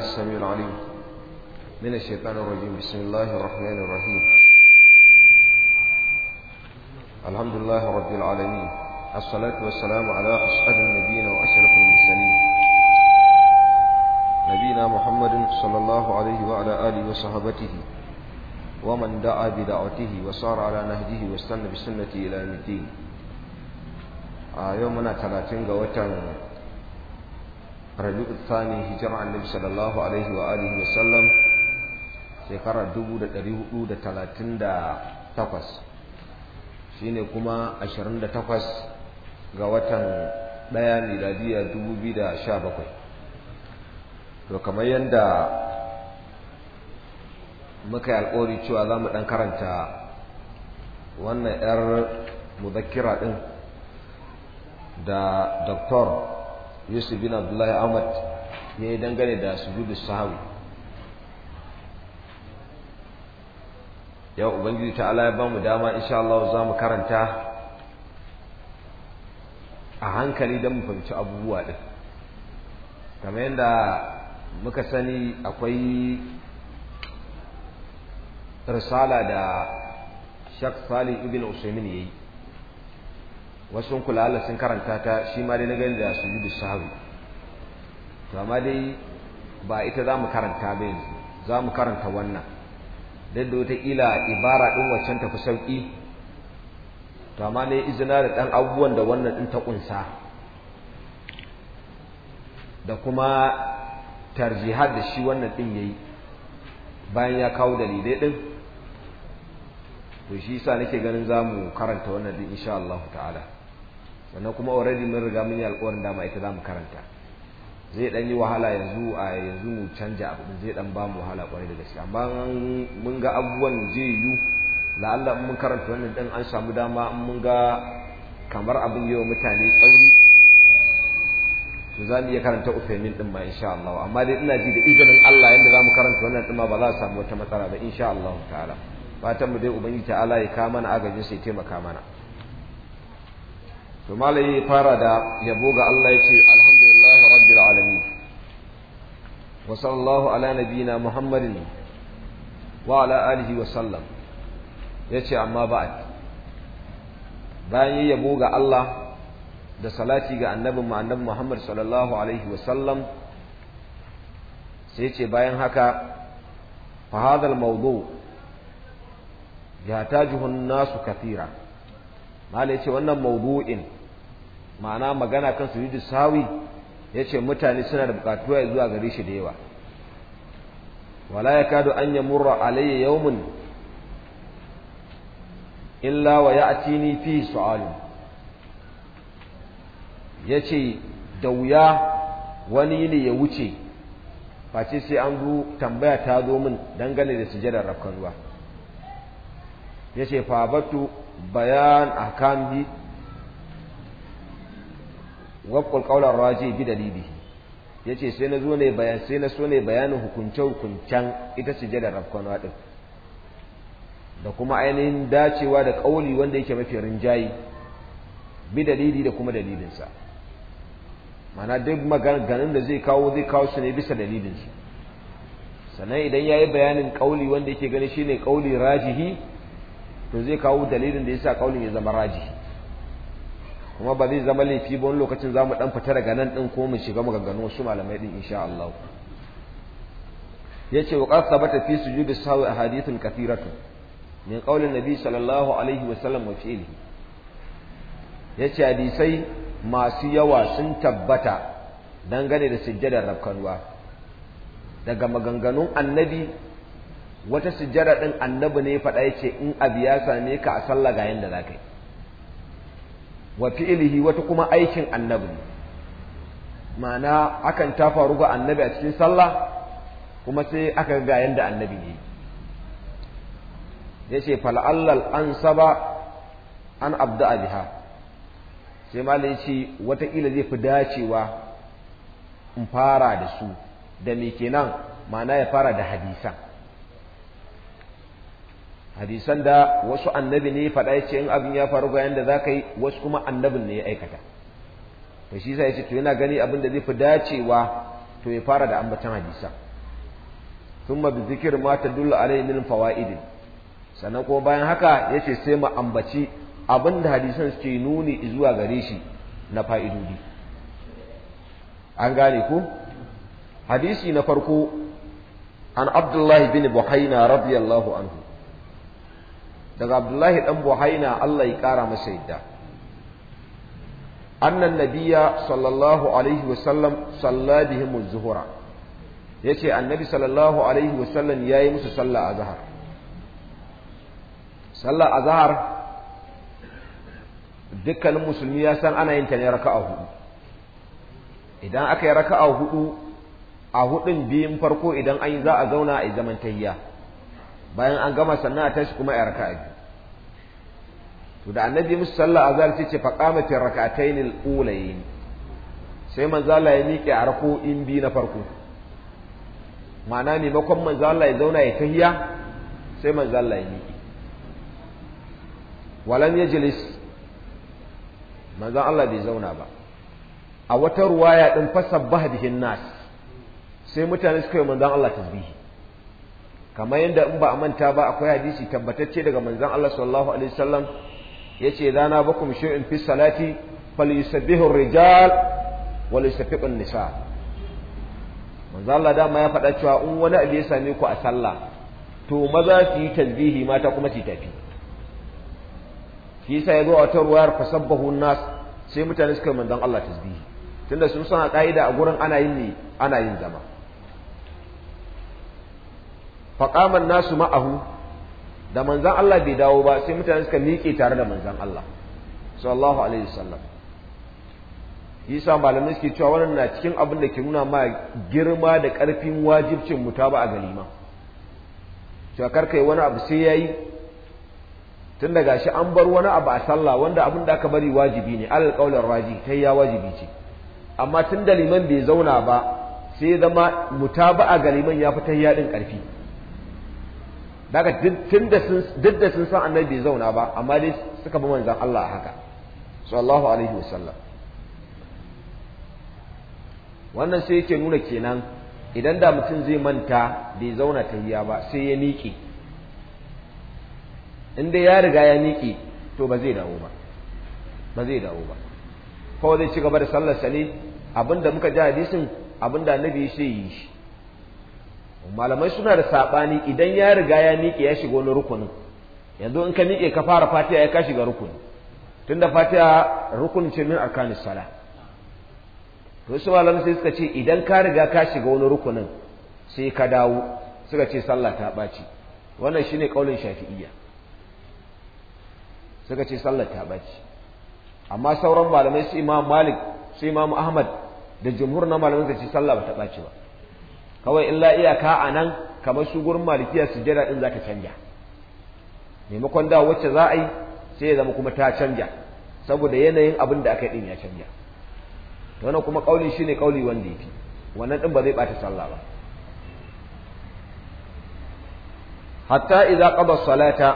السميع العليم من الشيطان الرجيم بسم الله الرحمن الرحيم الحمد لله رب العالمين الصلاة والسلام على أسعد النبيين وأشرف المرسلين نبينا محمد صلى الله عليه وعلى آله وصحبه ومن دعا بدعوته وصار على نهجه واستنى بسنته إلى يوم آه، يومنا ثلاثين قوتا rabi'u tsani hijirar annabi sallallahu alaihi wa alihi wa sallam shekarar 1438 shine kuma 28 ga watan daya miladiya 2017 to kamar yanda muka yi cewa za mu ɗan karanta wannan 'yar muzakkira ɗin da doktor yusuf bin abdullahi ahmad ya yi dangane da sujudu sahabu yau ubangiji ta ala ya ba dama insha Allah za mu karanta a hankali don mu fahimci abubuwa ɗin kamar yadda muka sani akwai risala da shak salih ibn usaimin yi. wasu kula Allah sun karanta ta shi ma dai na gani da sujudu sahabi to amma dai ba ita za mu karanta ba yanzu za mu karanta wannan dan da wataƙila ibara ɗin waccan ta fi sauƙi to amma ne izina da ɗan abubuwan da wannan ɗin ta ƙunsa da kuma tarjihar da shi wannan ɗin ya yi bayan ya kawo dalilai ɗin to shi yasa nake ganin zamu karanta wannan ɗin insha Allah ta'ala sannan kuma already mun riga mun yi alƙawarin dama ita za mu karanta zai dan yi wahala yanzu a yanzu mu canja abu zai dan ba mu wahala kwarai da gaske amma mun ga abubuwan zai yi la'alla mun karanta wannan ɗin an samu dama mun ga kamar abin yau mutane tsauri to za mu iya karanta ufemin din ma insha Allah amma dai ina ji da izinin Allah yanda za mu karanta wannan din ma ba za a samu wata matsala ba insha Allah ta'ala fatan mu dai ubangiji ta'ala ya ka mana agajin sai taimaka mana to malai fara da yabo ga Allah yace alhamdulillahi rabbil alamin wa sallallahu ala nabiyyina muhammadin wa ala alihi wa sallam yace amma ba'd bayan yabo ga Allah da salati ga annabin mu annabi Muhammad sallallahu alaihi wa sallam sai yace bayan haka fa hadha al-mawdu' يحتاجه الناس كثيرا ما ليس وانا موضوع ma'ana magana kan su yi sawi ce mutane suna da bukatu ya zuwa gari shi da yawa wala yakadu an murra alayya yawmun illa wa ni fi ya ce da wuya wani ne ya wuce face sai an zo tambaya ta zo min dangane da sujadar rafkan ruwa yace fa batu bayan a bi waqul qawlan raji bi dalilihi yace sai na zo ne bayan sai na so ne bayanin hukunce hukuncen ita sujjadar rabkon wadin da kuma ainihin dacewa da kauli wanda yake mafi rinjayi bi dalili da kuma dalilinsa mana duk maganganun da zai kawo zai kawo su ne bisa dalilinsu sannan idan ya yi bayanin kauli wanda yake gani shine kauli rajihi to zai kawo dalilin da yasa kaulin ya zama rajihi kuma ba zai zama laifi ba wani lokacin za mu ɗan fita daga nan din ko mu shiga maganganu wasu malamai din insha Allah ya ce wa qad sabata fi su jubi sahu a min ƙaunin nabi sallallahu alaihi wa sallam wa fi'ilihi ya hadisai masu yawa sun tabbata dangane da sujjadar rabkanwa daga maganganun annabi wata sujjada ɗin annabi ne faɗa yace in abu ya same ka a sallah ga yanda za wa fi'lihi wata kuma aikin annabi ma'ana akan ta faru ga annabi a cikin sallah kuma sai aka ga yanda annabi ne yace fal'allal ansaba an abda'a biha sai malai yace wata kila zai fi dacewa in fara da su da me kenan ma'ana ya fara da hadisan hadisan da wasu annabi ne faɗa ya ce in abin ya faru bayan da za ka yi wasu kuma annabin ne ya aikata to shi sai ya ce to yana gani abin da zai fi dacewa to ya fara da ambatan hadisan sun bi zikr ma dula alai min fawa'idin sannan kuma bayan haka ya ce sai mu ambaci abin da hadisan suke nuni zuwa gare shi na fa'idodi an gane ku? hadisi na farko an abdullahi bin buhaina radiyallahu anhu daga Abdullahi dan Buhaina Allah ya kara masa yadda annan nabiyya sallallahu alaihi wasallam salla bihim zuhura yace annabi sallallahu alaihi wasallam yayi musu sallah azhar sallah azhar dukkanin musulmi ya san ana yin ta ne raka'a hudu idan aka yi raka'a hudu a hudun biyun farko idan an yi za a zauna a zaman tayya bayan an gama sannan a tashi kuma a biyu to da annabi musu sallah azhar ce ce fa qamat rak'atayn al-ulayn sai manzo Allah ya miƙe a in bi na farko ma'ana maimakon manzo Allah ya zauna ya tahiya sai manzo Allah ya miƙe walan yajlis manzo Allah bai zauna ba a wata ruwaya din fasa bihin nas sai mutane suka yi manzo Allah tasbihi kamar yadda in ba a manta ba akwai hadisi tabbatacce daga manzon Allah sallallahu alaihi wasallam yace zana bakum shay'in fi salati falyusabbihu ar-rijal wa yusabbihu nisa manzon Allah dama ya faɗa cewa in wani abu ya same ku a sallah to maza su yi tasbihi mata kuma su tafi shi yasa ya zo a wata ruwayar fasabbahu nas sai mutane suka manzon Allah tasbihi tunda sun san a ka'ida a gurin ana yin ne ana yin zama faƙaman nasu ma'ahu da manzan Allah bai dawo ba sai mutane suka miƙe tare da manzan Allah sallallahu alaihi wasallam yasa malamai suke cewa wannan na cikin abin da ke nuna ma girma da ƙarfin wajibcin mutaba a galima cewa kar kai wani abu sai yayi tun da gashi an bar wani abu a sallah wanda abin da aka bari wajibi ne alal qaulir raji kai ya wajibi ce amma tun da liman bai zauna ba sai zama mutaba a galiman ya fi tayya din ƙarfi daga duk da sun san annabi bai zauna ba amma dai suka bi manzan Allah haka sallallahu alaihi wasallam wannan sai yake nuna kenan idan da mutum zai manta bai zauna ta tahiya ba sai ya miƙe in dai ya riga ya miƙe to ba zai dawo ba ba zai dawo ba kawai zai ci gaba da sallar ne abinda muka ji hadisin abinda annabi ya yi shi malamai suna da saɓani idan ya riga ya miƙe ya shiga wani rukunin yanzu in ka miƙe ka fara fatiha ya ka shiga rukuni tunda fatiha rukunin ce min arkani sala to su malamai sai suka ce idan ka riga ka shiga wani rukunin sai ka dawo suka ce sallah ta ɓaci wannan shine kaulin shafi'iyya suka ce sallah ta ɓaci amma sauran malamai su imam malik su imam ahmad da jumhur na malamai suka ce sallah ba ta ɓaci ba kawai in la iyaka a nan kamar su gurin malikiya sujjada din zaka canja maimakon da wacce za a yi sai ya zama kuma ta canja saboda yanayin abin da aka yi din ya canja To wannan kuma kauli shine kauli wanda yafi wannan din ba zai bata sallah ba hatta idza qada salata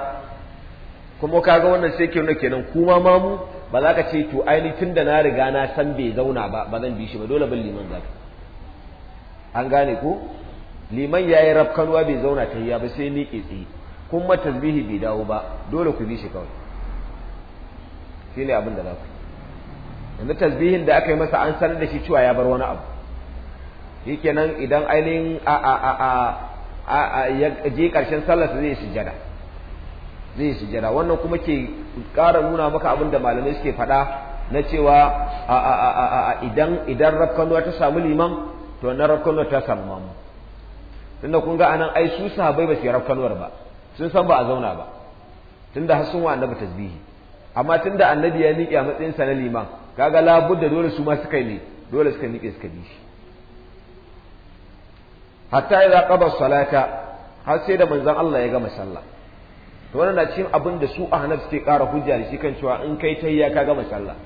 kuma ga wannan sai ke nuna kenan kuma mamu ba za ka ce to aini tunda na riga na san bai zauna ba ba zan bi shi ba dole bin liman zaka an gane ko liman yayi rafkanuwa bai zauna tahiyya ba sai miƙe tsi kun tasbihi bai dawo ba dole ku bi shi kawai shine abin da za ku yanzu tasbihin da aka yi masa an sanar da shi cewa ya bar wani abu shikenan idan ainihin a a a a a ya je karshen sallar zai sujada zai sujada wannan kuma ke ƙara nuna maka abin da malamai suke faɗa na cewa a a a a idan idan rafkanuwa ta samu liman to na rafkanuwar ta samu mamu tunda kun ga anan ai su sahabbai ba su yi ba sun san ba a zauna ba tunda har sun wa annabi tasbihi amma tunda annabi ya miƙe a matsayin sa na liman kaga labudda dole su ma suka ne dole suka miƙe suka bi shi hatta idza qada salata har sai da manzon Allah ya gama sallah to wannan na cikin abin da su ahnab suke ƙara hujja da shi kan cewa in kai tayya ka gama sallah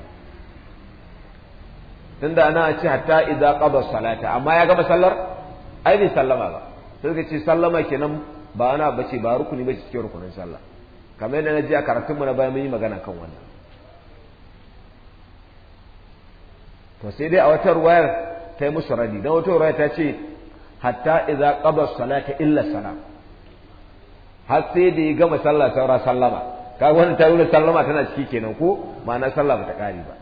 tunda ana ce hatta idza qada salata amma ya gama sallar ai bai sallama ba sai suka ce sallama kenan ba ana bace ba rukuni bace cikin rukunin sallah kamar yadda na ji a karatun mu na bayan mun yi magana kan wannan to sai dai a wata ruwaya ta yi musu radi dan wata ruwaya ta ce hatta idza qada salata illa salam har sai da ya gama sallah saura sallama kaga wannan ta nuna sallama tana ciki kenan ko ma'ana sallah bata kare ba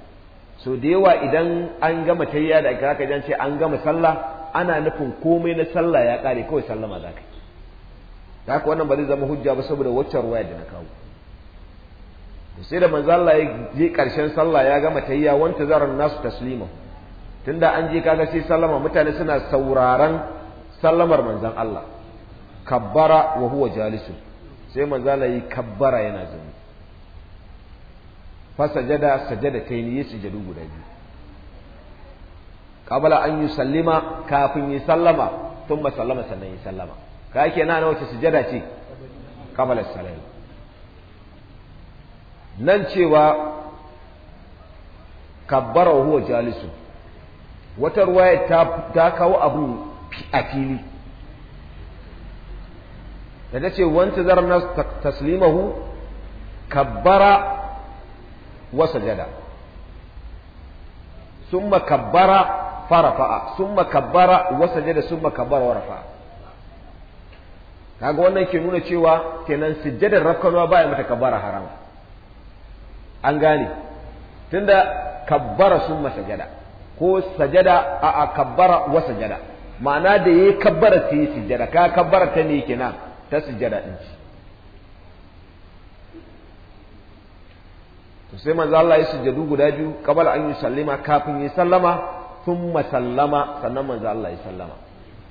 so da yawa idan an gama tayya da aka haka ce an gama sallah ana nufin komai na sallah ya kare kawai sallama za ka yi da haka wannan ba zai zama hujja ba saboda waccan ruwaya da na kawo sai da manzo Allah ya je karshen sallah ya gama tayya wanta zarar nasu taslima tunda an je kaga sai sallama mutane suna sauraron sallamar manzan Allah kabbara wa huwa jalisu sai manzo Allah yi kabbara yana zama fa sajada sajadataini yi sujadu guda biyu qabla an yi sallima kafin yi sallama tun ba sallama sannan yi sallama ka kenan na wace sujada ce qabla salam nan cewa kabbara huwa jalisu wata ruwaya ta ta kawo abu a fili da ta ce wanta na taslimahu kabbara Wasajada sajada summa kabbara farafa'a summa kabbara wasajada sajada summa kabbara wa kaga wannan ke nuna cewa kenan sujjadar rafkanuwa baya mata kabbara haram an gane tunda kabbara summa sajada ko sajada a a kabbara wa sajada ma'ana da yayi kabbara ta yi sujjada ka kabbara ta ne kenan ta sujjada din sai manzo Allah ya sujudu guda biyu qabala an yusallima kafin ya sallama thumma sallama sannan manzo Allah ya sallama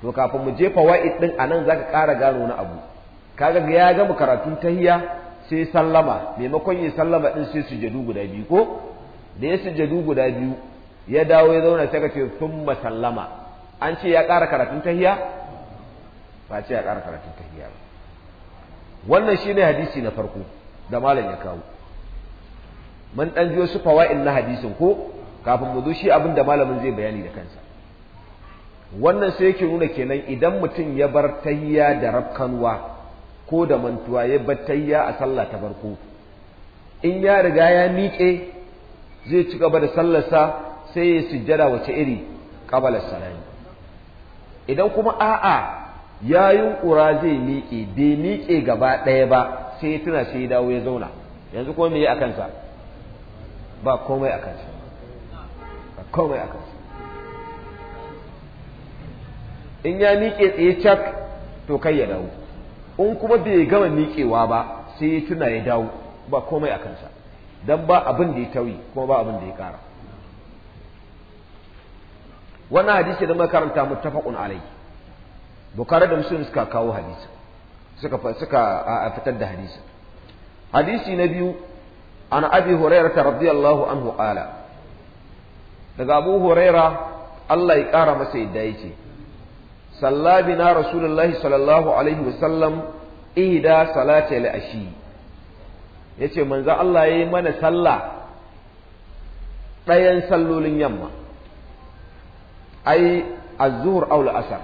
to kafin mu jefa wa'id din anan zaka ƙara gano na abu kaga ya gamu karatun tahiyya sai sallama maimakon ya sallama din sai sujudu guda biyu ko da ya sujudu guda biyu ya dawo ya zauna sai ka ce thumma sallama an ce ya ƙara karatun tahiyya ba ce ya ƙara karatun tahiyya ba wannan shine hadisi na farko da malam ya kawo mun dan jiyo wasu fawa'il na hadisin ko kafin mu zo shi abin da malamin zai bayani da kansa wannan sai yake nuna kenan idan mutum ya bar tayya da rabkanwa ko da mantuwa ya bar tayya a sallah ta farko in ya riga ya miƙe zai ci gaba da sallarsa sai ya sujjada wace iri ƙabalar salami idan kuma a'a ya yunƙura zai miƙe bai miƙe gaba ɗaya ba sai ya tuna sai ya dawo ya zauna yanzu kuma me yi a kansa ba komai a kansa ba komai a kansa in ya miƙe tsaye cak to kai ya dawo in kuma bai gama miƙewa ba sai ya tuna ya dawo ba komai a kansa don ba abin da ya tauyi kuma ba abin da ya ƙara wannan hadisi da makaranta muttafaqun alai bukari da muslim suka kawo hadisi suka suka fitar da hadisi hadisi na biyu an abi hurairata radiyallahu anhu qala daga abu huraira Allah ya kara masa yadda yace sallabina rasulullahi sallallahu alaihi wasallam ihda salati al-ashi yace manzo Allah yayi mana sallah ɗayan sallolin yamma ai az aw al-asr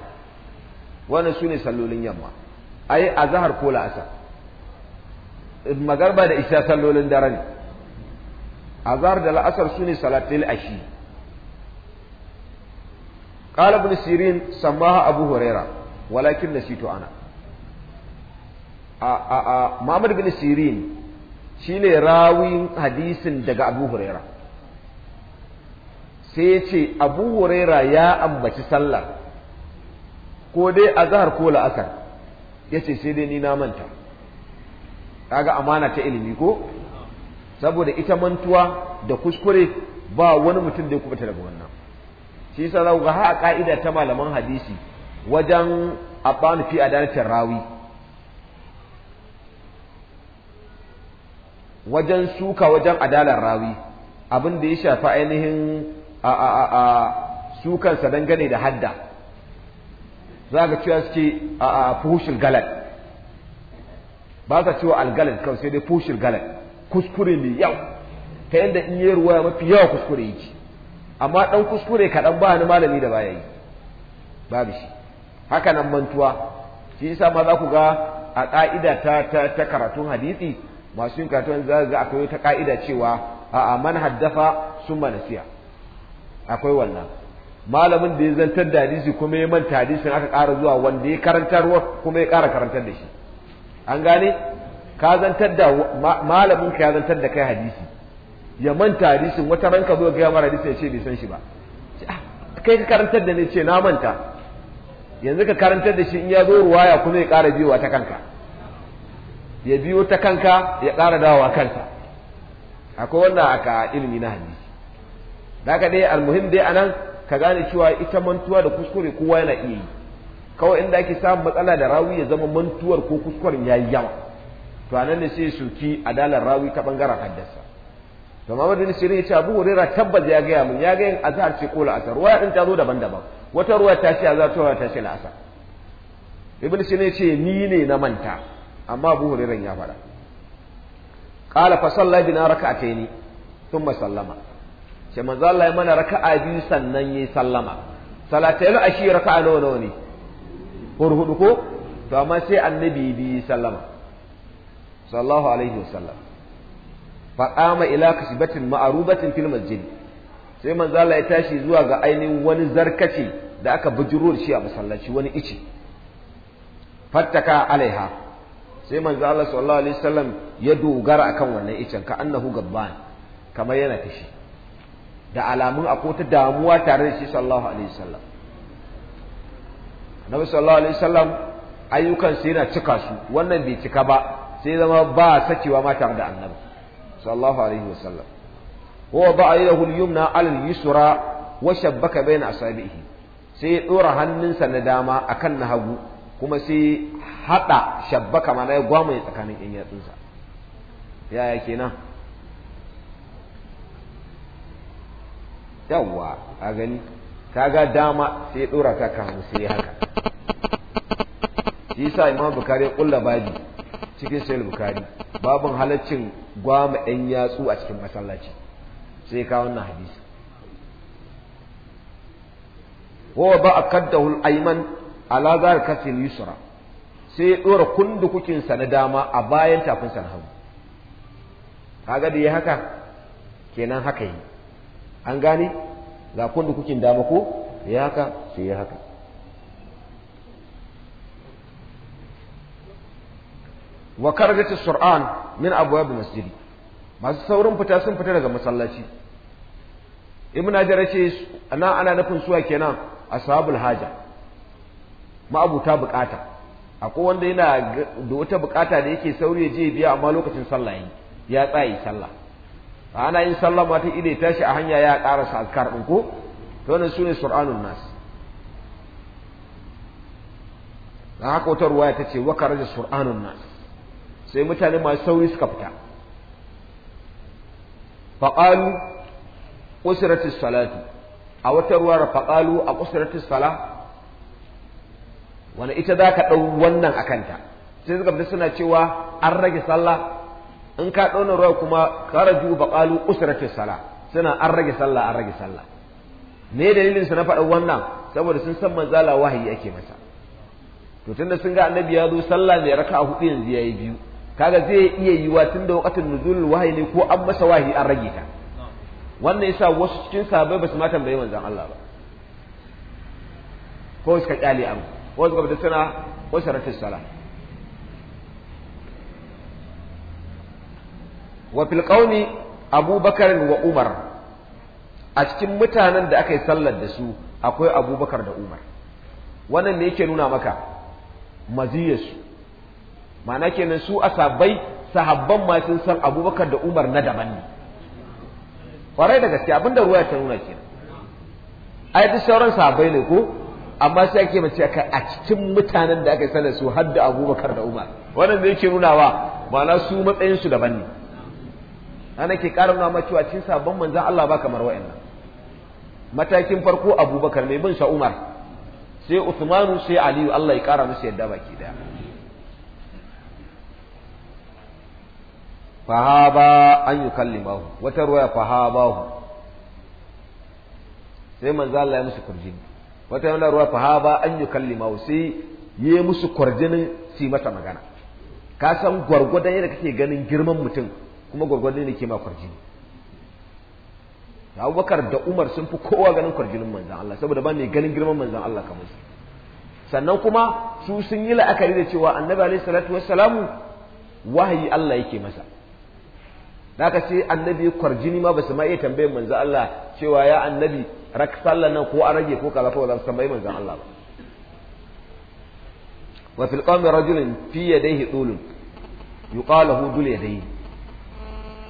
wannan sune sallolin yamma ai azhar ko al-asr magarba da isha sallolin dare ne azhar da la'asar su ne salatil ashi qala ibn sirin samaha abu huraira walakin nasitu ana a a a muhammad ibn sirin shine rawin hadisin daga abu huraira sai ya ce abu huraira ya ambaci sallar ko dai azhar ko la'asar ya ce sai dai ni na manta kaga amana ta ilimi ko saboda ita mantuwa da kuskure ba wani mutum da ya kubuta daga wannan shi yasa za ku ga ha ka'ida ta malaman hadisi wajen abanu fi adalatin rawi wajen suka wajen adalar rawi abin da ya shafi ainihin a a a a sukansa dangane da hadda za ka cewa suke a a fushil galad ba ka cewa algalad kawai sai dai fushil galad kuskure mai yau ta yadda in yi ruwa mafi yawa kuskure yake amma ɗan kuskure kaɗan ba ni malami da baya yi babu shi haka mantuwa shi yasa ma za ku ga a ƙa'ida ta karatun hadisi masu yin karatun za ga akwai ta ƙa'ida cewa a'a man haddafa sun manasiya akwai wannan malamin da ya zantar da hadisi kuma ya manta hadisin aka ƙara zuwa wanda ya karantarwa kuma ya ƙara karantar da shi an gane ka zantar da malamin ka ya zantar da kai hadisi ya manta hadisin wata ranka zo ga mara hadisi ya ce bai san shi ba ah, kai ka karantar da ni ce na manta yanzu ka karantar da shi in ya zo ruwaya kuma ya ƙara biyowa ta kanka ya biyo ta kanka ya ƙara dawowa kansa akwai wannan aka ilimi na hadisi da ka dai almuhim dai anan ka gane cewa ita mantuwa da kuskure kowa yana iya yi kawai inda ake samun matsala da rawi ya zama mantuwar ko kuskuren ya yi yawa to anan ne sai soki adalar rawi ta bangaren haddasa to Muhammad bin Sirin ya ce Abu Hurairah tabbas ya gaya mun ya ga yin azhar ce kola asar ruwaya din ta zo daban-daban wata ruwa ta ce azhar ta ta ce la'asa, Ibn Sirin ya ce ni ne na manta amma Abu Hurairah ya faɗa qala fa salla na raka'ataini thumma sallama ce manzo Allah ya mana raka'a biyu sannan yayi sallama salatayil ashi raka'a nawa nawa ne hurhudu ko to amma sai annabi bi sallama sallallahu alaihi wasallam fa qama ila kasbatin ma'rubatin fil masjid sai manzo Allah ya tashi zuwa ga ainihin wani zarkace da aka bujuro shi a masallaci wani ici fattaka alaiha sai manzo Allah sallallahu alaihi wasallam ya dogara akan wannan icen ka annahu gabban kamar yana fishi da alamun akwai ta damuwa tare da shi sallallahu alaihi wasallam nabi sallallahu alaihi wasallam ayyukan sai yana cika su wannan bai cika ba sai zama ba sakewa ma tare da annabi sallallahu alaihi wasallam huwa ba ayyuhu al-yumna al yusra wa shabbaka baina asabihi sai ya dora hannunsa na dama akan na hagu kuma sai hada shabbaka ma ya gwamaye tsakanin yan yatsunsa yaya kenan yawwa a gani kaga dama sai ya dora ta kan sai haka shi yasa imam bukari ya kulla babi cikin sayil bukari babin halaccin gwama ɗan yatsu a cikin masallaci sai ka wannan hadisi wa ba a kadda al-ayman ala zar kasil yusra sai ya dora kundukukin na dama a bayan tafin sa na hagu kaga da yi haka kenan haka yi an gane ga kundukukin dama ko ya haka sai ya haka wa kargati sur'an min abwab masjidi masu saurin fita sun fita daga masallaci ibn hajar ce ana ana nufin suwa kenan ashabul haja ma'abuta bukata akwai wanda yana da wata bukata da yake sauri ya je biya amma lokacin sallah yi ya tsaye sallah ana yin sallah ma ta ide tashi a hanya ya karasa azkar din ko to wannan sune sur'anun nas da haka wata ruwaya tace wa karaja sur'anun nas sai mutane masu sauri suka fita faƙalu usratis salatu a wata da faƙalu a usratis sala wani ita za ka ɗau wannan a kanta sai suka fita suna cewa an rage sallah in ka ɗauna ruwa kuma karaju faƙalu usratis sala suna an rage sallah an rage sallah me dalilin su na faɗa wannan saboda sun san manzala wahayi ake masa to tunda sun ga annabi ya zo sallah mai raka'a hudu yanzu yayi biyu kaga zai iya yiwa tun da wakatin nuzulul wahayi ne ko an masa wahayi an rage ta wannan yasa wasu cikin sahabbai basu ma tambayi manzon Allah ba ko suka kyale abu ko suka bada suna ko saratis sala wa fil Abu abubakar wa umar a cikin mutanen da aka yi sallar da su akwai abubakar da umar wannan ne yake nuna maka maziyarsu ma'ana kenan su asabai sahabban ma sun san abubakar da umar na daban ne kwarai da gaske abinda ruwa ta nuna kenan ai duk sauran sahabbai ne ko amma sai ake mace ka a cikin mutanen da aka sanar su har da abubakar da umar wannan da yake nunawa ma'ana su matsayin su daban ne ana ke ƙara nuna ma cewa cikin sahabban manzan Allah ba kamar wa'annan matakin farko abubakar mai bin sha umar sai usmanu sai aliyu Allah ya ƙara musu yadda baki daya fahaba an yukallimahu wata ruwaya fahabahu sai manzo Allah ya musu kurjini wata yana ruwa fahaba an yukallimahu sai yi musu kurjinin su masa magana ka san gwargwadon yadda kake ganin girman mutum kuma gwargwadon ne ke ma kurjini Abubakar da Umar sun fi kowa ganin kurjinin manzan Allah saboda ba mai ganin girman manzan Allah kamar su sannan kuma su sun yi la'akari da cewa annabi alaihi salatu wassalamu wahayi Allah yake masa ka ce annabi kwarjini ma ba su ma iya tambayin manzo Allah cewa ya annabi rak sallan nan ko a rage ko kaza ko za su tambayi manzo Allah ba wa fil qawmi rajulin fi yadayhi dulun yuqalu dul yadayhi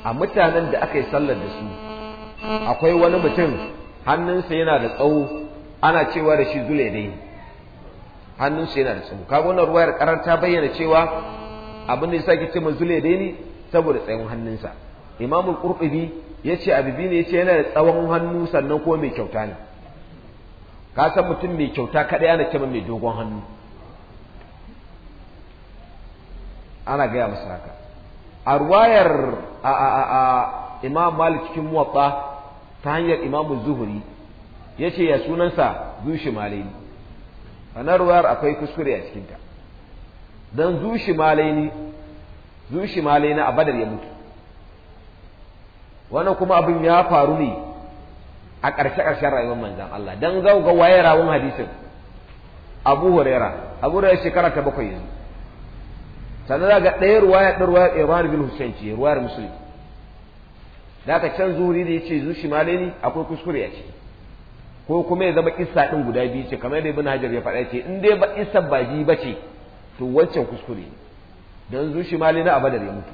a mutanen da aka yi sallar da su akwai wani mutum hannunsa yana da tsawo ana cewa da shi zule dai hannunsa yana da tsawo kaga wannan ruwayar karar ta bayyana cewa abin da yasa ke ce zule dai ne saboda tsayin hannunsa imamul qurtubi yace abibi ne yace yana da tsawon hannu sannan ko mai kyauta ne ka san mutum mai kyauta kada ana cewa mai dogon hannu ana gaya masa haka a ruwayar a a imam malik cikin muwatta ta hanyar imamu zuhuri yace ya sunansa zushi malaini a ruwayar akwai kuskure a cikinta dan zushi malaini zushi malaini a badar ya mutu wannan kuma abin ya faru ne a ƙarshe ƙarshen rayuwar manzan Allah dan zau ga waye rawun hadisin Abu Huraira Abu Huraira shekara ta bakwai yanzu sannan za ga ɗaya ruwaya ɗin ruwaya Imran bin Hussein ce ruwayar Musulmi da ka can zuri da yace zushi malami akwai kuskure a ce, ko kuma ya zama kissa ɗin guda biyu ce kamar da Ibn Hajar ya faɗa ce in dai ba kissa ba biyu ba ce to wancan kuskure ne don zuci malami na abadar ya mutu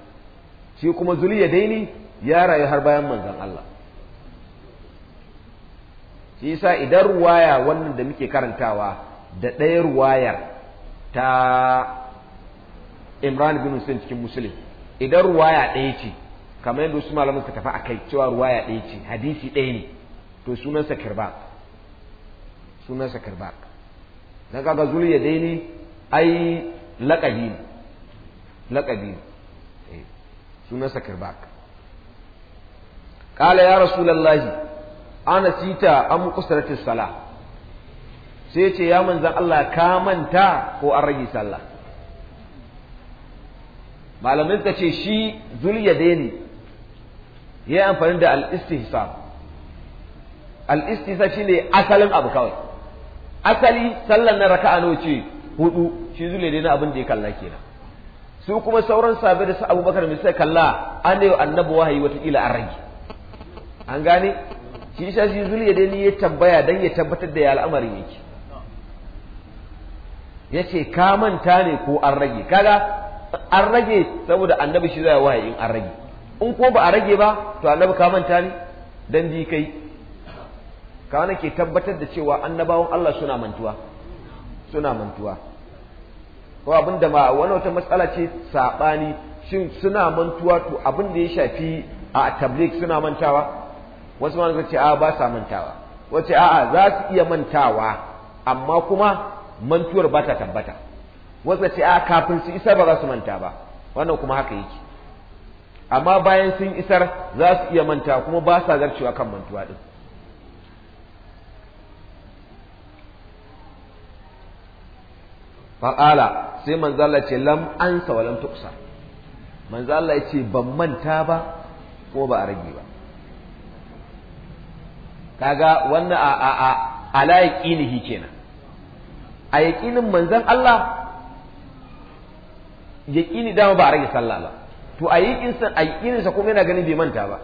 shi kuma zuri ya daini ya rayu har bayan manzan Allah shi yasa idan ruwaya wannan da muke karantawa da ɗaya ruwayar ta Imran bin Hussein cikin Muslim idan ruwaya ɗaya ce kamar yadda wasu malaman suka tafi akai cewa ruwaya ɗaya ce hadisi ɗaya ne to sunansa kirbak sunansa kirbak dan kaga zuri ya daini ai laƙabi ne laƙabi ne eh, sunansa kirbak qala ya rasulullahi ana sita am qusratis sala sai ya ce ya manzan Allah ka manta ko an rage sallah malamin ka ce shi dai ne ya yi amfani da al-istihsab al-istihsab shine asalin abu kawai asali sallan na raka'a nawa ce hudu shi dai na abin da ya kalla kenan su kuma sauran sabai da su abubakar mai sai kalla an yi annabi wahayi watakila an rage an gane shi isa shi zuli ya dai ya tambaya dan ya tabbatar da ya al'amarin yake ya ce ka manta ne ko an rage kaga an rage saboda annabi shi zai wahayi in an rage in ko ba a rage ba to annabi ka manta ne dan ji kai ka ke tabbatar da cewa annabawan Allah suna mantuwa suna mantuwa ko abin da ma wani wata matsala ce sabani shin suna mantuwa to abin da ya shafi a tabbik suna mantawa wasu ma ce a ba sa mantawa wace a'a za su iya mantawa amma kuma mantuwar ba ta tabbata wasu ce a kafin su isar ba za su manta ba wannan kuma haka yake amma bayan sun isar za su iya manta kuma ba sa zarcewa kan mantuwa din faƙala sai manzala ce lam ansa wa lam tuqsa manzala ya ce ban manta ba ko ba a rage ba kaga wannan a a a ala kenan a yaqinin manzon Allah yaqini dama ba a rage sallah ba to a yaqin san a sa kuma yana ganin bai manta ba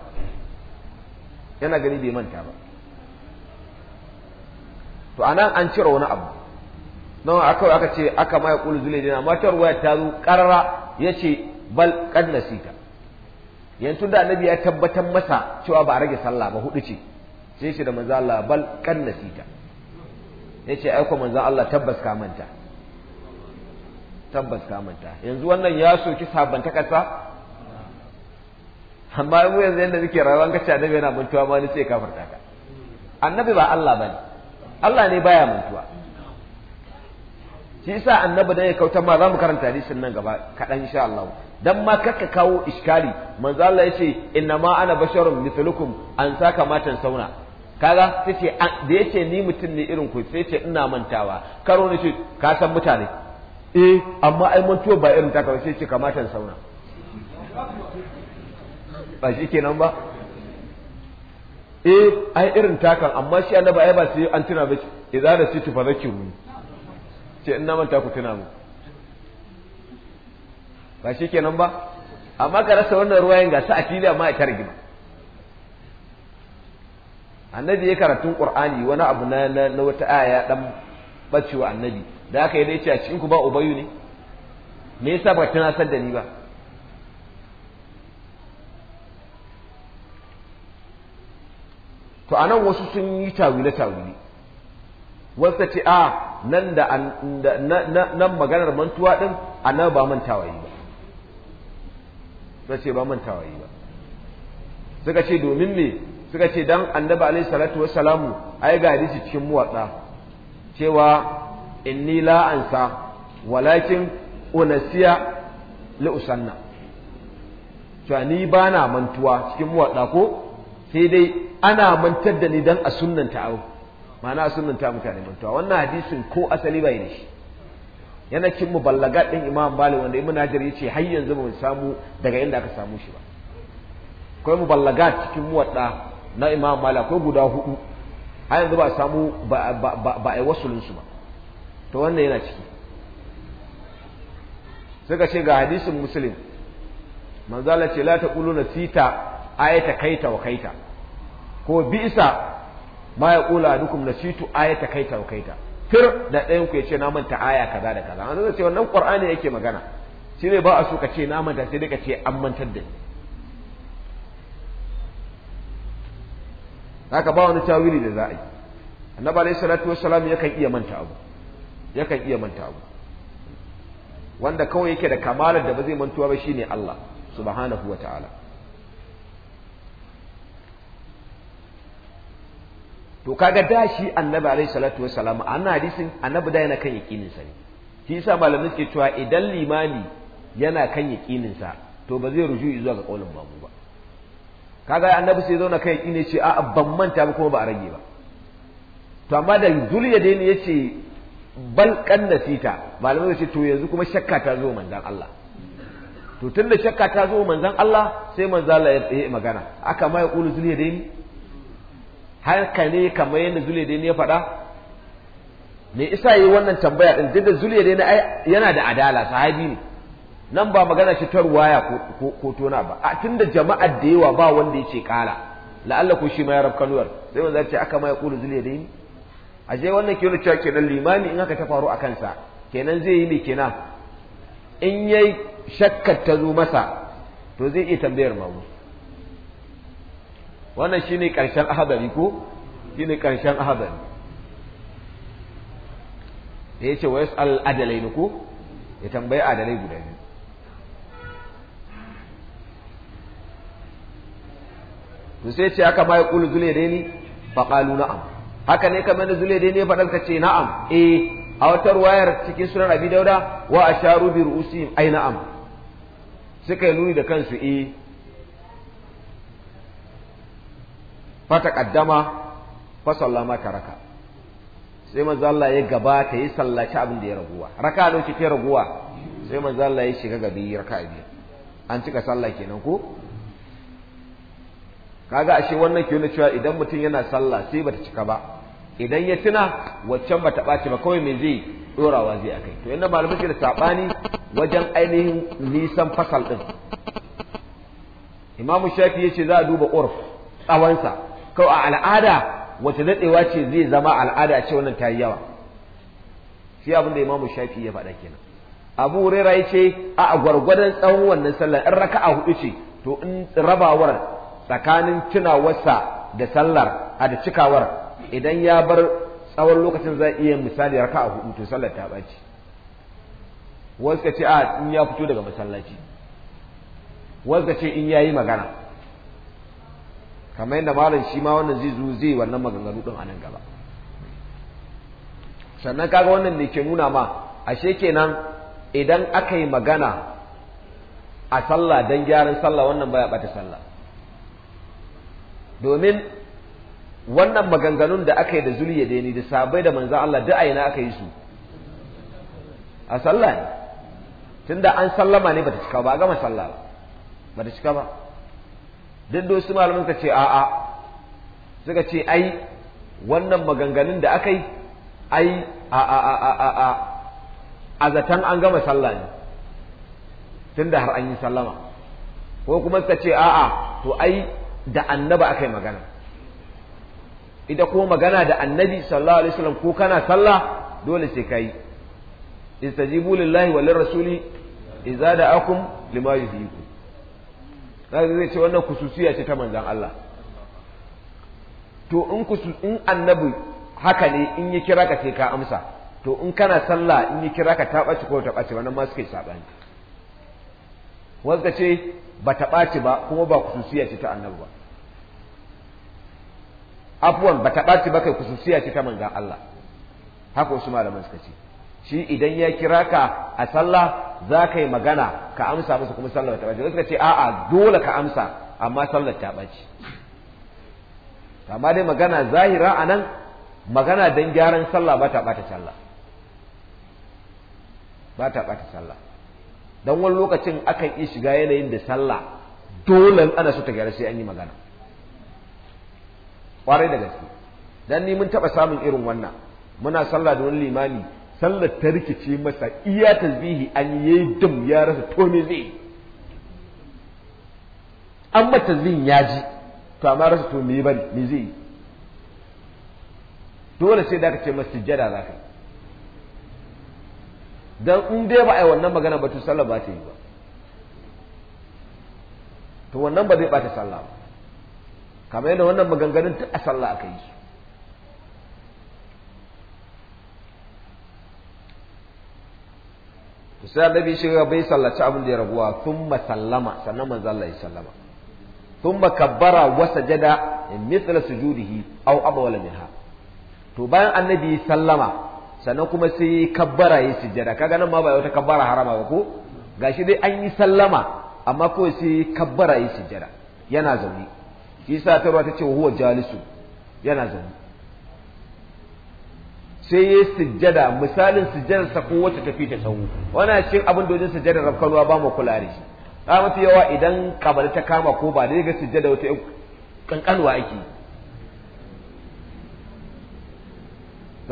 yana gani bai manta ba to anan an cire wani abu don aka aka ce aka ma yaqulu zulaydin amma ta ruwaya ta zo qarara yace bal qad nasita yanzu da annabi ya tabbatar masa cewa ba a rage sallah ba hudu ce sai ce da manzo Allah bal kan nasita yace ai ko manzo Allah tabbas ka manta tabbas ka manta yanzu wannan ya soki sabanta kasa amma mu yanzu yanda muke rayuwa kace annabi yana mantuwa ma ni sai kafarta ka annabi ba Allah bane Allah ne baya mantuwa shi yasa annabi da ya kauta ma za mu karanta hadisin nan gaba kadan insha Allah dan ma kakka kawo iskari manzo Allah yace inna ma ana basharun mithlukum an saka matan sauna kaga sai ce ah, da yake ni mutum ne irin ku sai ce ina mantawa karo ne ce ka san mutane eh amma ai mantuwa ba irin taka sai ce kamata in sauna ba shi kenan ba eh ai irin takan amma shi annabi ai ba sai an tuna ba idza da situ fa mu ce ina manta ku tuna mu ba shi kenan ba amma ka rasa wannan ruwayen ga sa a fili amma tarigi ba annabi ya karatun qur'ani wani abu na na wata aya dan bacewa annabi da aka yi dai cewa a cikin ku ba ubayyu ne me yasa ba san da ni ba to anan wasu sun yi tawile tawile wasu ce a nan da nan maganar mantuwa din annabi ba mantawa yi ba sai ce ba mantawa yi ba suka ce domin me suka ce dan annabi alaihi salatu salamu ai ga hadisi cikin muwatsa cewa inni la ansa walakin unasiya li usanna cewa ni ba na mantuwa cikin muwaɗa ko sai dai ana mantar da ni dan a sunnanta abu ma'ana a sunnanta mutane mantuwa wannan hadisin ko asali bai ne shi yana cin muballaga din imam bali wanda ibn hajar yace har yanzu ba mu samu daga inda aka samu shi ba akwai muballaga cikin muwaɗa. na imam malik akwai guda hudu har yanzu ba samu ba a yi su ba to wannan yana ciki suka ce ga hadisin muslim manzala ce la na sita ayata kaita wa kaita ko bi'sa ma ya dukum na nasitu ayata kaita wa kaita fir da ɗayan ku yace na manta aya kaza da kaza an ce wannan qur'ani yake magana shine ba a so ka ce na manta sai dai ka ce an mantar da ni haka ba wani tawili da za a yi annabi alayhi salatu wassalam yakan iya manta abu yakan iya manta abu wanda kawai yake da kamalar da ba zai mantuwa ba shine Allah subhanahu wa ta'ala to kaga da shi annabi alayhi salatu wassalam annabi hadisin annabi da yana kan yakinin sa ne shi yasa malamai suke cewa idan limani yana kan yakinin sa to ba zai rujuyi zuwa ga kaulin babu kaga annabi sai zauna kai ne ce a'a ban manta ba kuma ba a rage ba to amma da zuliya da ne yace bal kannasita malamai ce to yanzu kuma shakka ta zo manzan Allah to tunda shakka ta zo manzan Allah sai manzan Allah ya magana aka ma ya kulu zuliya da ne haka ne kamar yadda zuliya da ne ya faɗa me isa yi wannan tambaya din duk da zuliya da ne yana da adala sahabi ne nan ba magana ce ta ruwaya ko tona ba a tunda jama'ar da yawa ba wanda ya ce kala la'alla ko shi ma ya rabka nuwar sai wanda ce aka ma ya kulu zule dai a je wannan ke cewa kenan limani in aka ta faru a kansa kenan zai yi mai kenan in yayi shakkar ta zo masa to zai iya tambayar mamu wannan shine karshen ahadari ko shine karshen ahadari da ya ce wa yas'al adalaini ko ya tambayi adalai guda biyu to sai ce haka ma ya kulu zulaidaini fa qalu na'am haka ne kamar da ne ya ka ce na'am eh a wata ruwayar cikin sunan abi dauda wa asharu bi ru'usihim ai na'am suka yi nuni da kansu eh fa taqaddama fa sallama taraka sai manzo Allah ya gabata ya sallaci abin da ya raguwa raka lokaci ta raguwa sai manzo Allah ya shiga gabi raka'a biyu an cika sallah kenan ko kaga ashe wannan ke nuna cewa idan mutum yana sallah sai bata cika ba idan ya tuna waccan bata ɓaci ba kawai mai zai dorawa zai akai to inda malamai ke da sabani wajen ainihin nisan fasal din imamu shafi ya ce za a duba urf tsawonsa kawai a al'ada wace daɗewa ce zai zama al'ada ce wannan ta yi yawa shi abin da imamu shafi ya faɗa kenan abu huraira ya ce a gwargwadon tsawon wannan sallar in raka'a hudu ce to in rabawar tsakanin tunawarsa da sallar a da cikawar idan ya bar tsawon lokacin zai iya misali raka a hudu to sallar ta ɓaci wasu ka ce a in ya fito daga masallaci wasu ka ce in ya yi magana kamar yadda malam shi ma wannan zai zo zai wannan maganganu ɗin a nan gaba sannan kaga wannan da ke nuna ma ashe kenan idan aka yi magana a sallah don gyaran sallah wannan baya ɓata sallah domin wannan maganganun da aka yi da zuriya da ni da sabai da manzan Allah duk aina aka yi su a sallah ne tunda an sallama ne bata cika ba a gama sallah ba bata cika ba duk da wasu malamin ka ce a'a suka ce ai wannan maganganun da aka yi ai a a a a a a a zaton an gama sallah ne tunda har an yi sallama ko kuma suka ce a'a to ai da annaba aka yi magana ita kuma magana da annabi sallallahu alaihi wasallam ko kana sallah dole sai kai istajibu lillahi wa rasuli idza da'akum lima yuhibbu kaga zai ce wannan kususiya ce ta manzon Allah to in kusu in annabi haka ne in ya kira ka sai ka amsa to in kana sallah in ya kira ka ta ɓaci ko ta ɓaci wannan ma suke sabani wanda ce ba ta ɓaci ba kuma ba kususiya ce ta annabi ba afuwan ba ta ɓaci ba kai kususiya ce ta manzan Allah haka wasu malaman suka ce shi idan ya kira ka a sallah za ka yi magana ka amsa musu kuma sallah ta ɓaci suka ce a'a dole ka amsa amma sallah ta ɓaci amma dai magana zahira a nan magana don gyaran sallah ba ta ɓata sallah ba ta ɓata sallah dan wani lokacin akan iya shiga yanayin da sallah dole ana so ta gyara sai an yi magana kwarai da gaske dan ni mun taba samun irin wannan muna sallah da wani limami sallar ta rikice masa iya tasbihi an yi dum ya rasa to me zai an ba tasbihin ya ji to amma rasa to me bari me zai dole sai da ka ce masa sujjada zaka dan in dai ba a yi wannan magana ba to sallah ba ta yi ba to wannan ba zai bata sallah ba kamar yadda wannan maganganun duk a sallah aka yi su to sai annabi shi ga bai sallaci abin da ya rabuwa thumma sallama sannan manzo Allah ya sallama thumma kabbara wa sajada mithla sujudihi aw abawala minha to bayan annabi sallama sannan kuma sai kabbara yi sujjada kaga nan ma ba wata kabbara harama ba ko gashi dai an yi sallama amma kawai sai kabbara yi sujjada yana zaune shi yasa ta ruwa ta ce huwa jalisu yana zaune sai yi sujjada misalin sujjadar sa ko wacce tafi ta tsawo wannan cikin abin dojin sujjadar rafkanuwa ba mu kula da shi ta mafi yawa idan kabari ta kama ko ba dai ga sujjada wata kankanuwa ake yi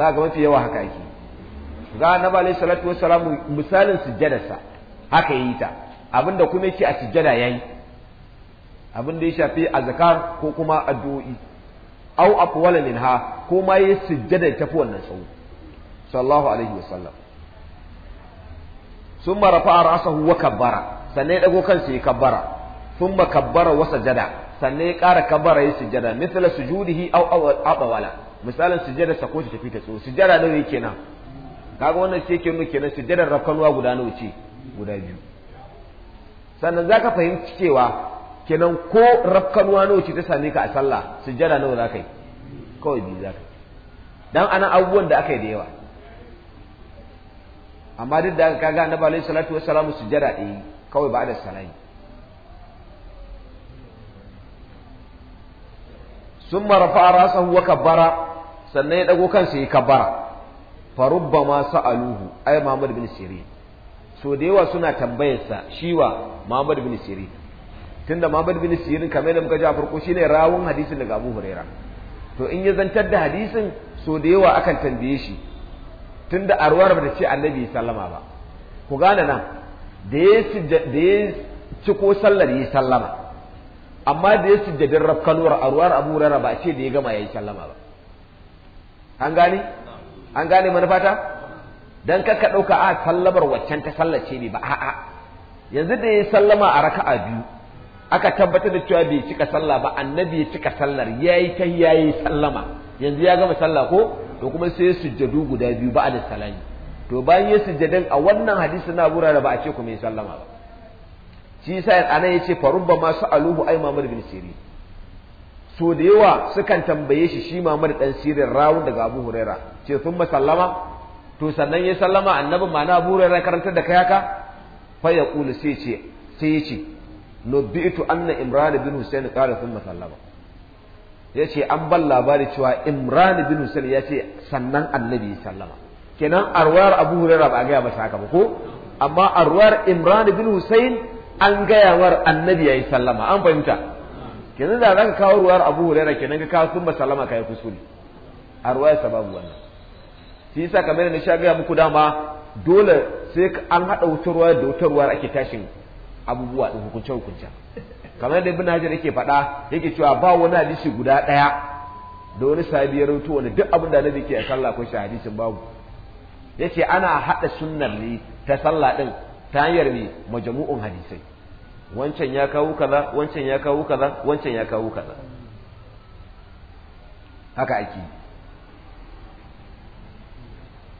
za ga mafi yawa haka ake za a naba alaihi salatu salamu misalin sujjadarsa haka yi ta abinda kuma yake a sujjada yayi abin da ya shafi azkar ko kuma addu'o'i au aqwala ha, ko ma yi sujjada ta fi wannan tsawo sallallahu alaihi wasallam summa rafa'a ra'sahu wa kabbara sannan ya dago kansa ya kabbara summa kabbara wa sajada sannan ya ƙara kabbara ya sujjada mithla sujudihi aw abawala misalin sujjada sa ko ta tafi ta tso sujjada nawa yake nan kaga wannan sai yake nuna kenan sujjadar rafkanuwa guda nawa ce guda biyu sannan za ka fahimci cewa kenan ko rafkanuwa nawa ce ta same ka a sallah sujjada nawa zaka yi kawai biyu za yi dan ana abubuwan da aka yi da yawa amma duk da kaga annabi alaihi salatu wassalamu sujjada ɗaya kawai ba da salami ثم رفع راسه وكبر sannan ya ɗago kansa ya kabara farubba rubbama sa'aluhu ai Muhammad bin Sirin so da yawa suna tambayarsa shiwa Muhammad bin Sirin tunda Muhammad bin Sirin kamar da muka ji a farko shine rawun hadisin daga Abu Huraira to in ya zantar da hadisin so da yawa akan tambaye shi tunda arwar ba ta ce Annabi sallama ba ku gane nan da ya da ya ci ko sallar yi sallama amma da ya sujjadin rafkanuwar arwar Abu Huraira ba ce da ya gama yayi sallama ba an gane an gane manufata dan kakka ɗauka a ah, sallabar waccan ta sallace ne ba a'a yanzu da ya sallama a raka'a biyu aka tabbatar da cewa bai cika sallah ba annabi ya cika sallar yayi ta yayi sallama yanzu ya gama sallah ko to kuma sai ya sujjadu guda biyu ba da salami to bayan ya sujjadan a wannan hadisi na bura da ba a ce kuma ya sallama ba shi yasa anan yace farubba ma sa'aluhu ay mamur so da yawa sukan tambaye shi shi mara dan Sirin rawun daga Abu Huraira ce sun sallama to sannan ya sallama annabi na Abu Huraira karantar da kai haka fa kula sai ce sai yace nubitu anna Imran bin Husayn qala sun sallama ce an ban labari cewa Imran bin ya ce sannan annabi ya sallama kenan arwar Abu Huraira ba a gaya masa haka ba ko amma arwar Imran bin Husayn an gaya war annabi yi sallama an fahimta yanzu da zan kawo ruwar Abu Hurairah kenan ka kawo sun salama kai kuskure a ya sababu wannan shi yasa kamar da sha gaya muku dama dole sai an haɗa wutar ruwa da wutar ruwa ake tashin abubuwa da hukunce hukunce kamar da Ibn Hajar yake faɗa yake cewa ba wani hadisi guda ɗaya da wani sahabi ya rawaito wani duk abin da na ke a sallah ko hadisin babu yace ana haɗa sunnar ne ta sallah din ta hanyar ne majmu'un hadisai wancan ya kawo kaza wancan ya kawo kaza wancan ya kawo kaza haka ake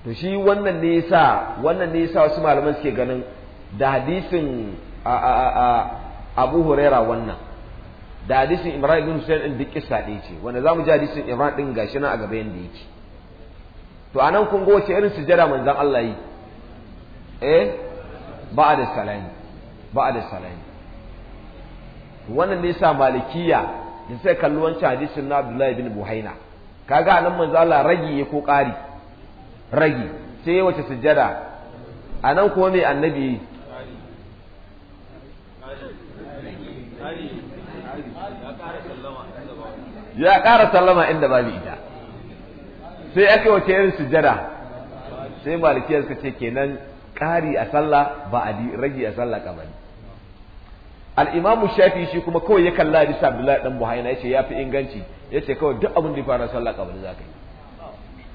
to shi wannan ne yasa wannan ne yasa wasu malaman suke ganin da hadisin a a a Abu Huraira wannan da hadisin Ibrahim bin Hussein din duk kisa ɗaya ce wanda zamu ji hadisin Ibrahim din gashi nan a gaba yanda yake to anan kun ga wace irin sujada manzon Allah yi eh ba'da salami da salami wannan ne sa malikiya da sai kalli wancan hadisin na Abdullahi bin Buhaina kaga nan manzo Allah ragi ya ko ƙari ragi sai ya wace sujjada anan ko ne annabi ya ƙara sallama inda babu ita sai aka wace irin sujjada sai malikiya suka ce kenan ƙari a sallah ba a ragi a sallah kamar Al'imamu shafi shi kuma kawai ya kalla hadisi abdullahi dan buhaina ya fi inganci Ya ce kawai duk abin da ya fara sallah za ka yi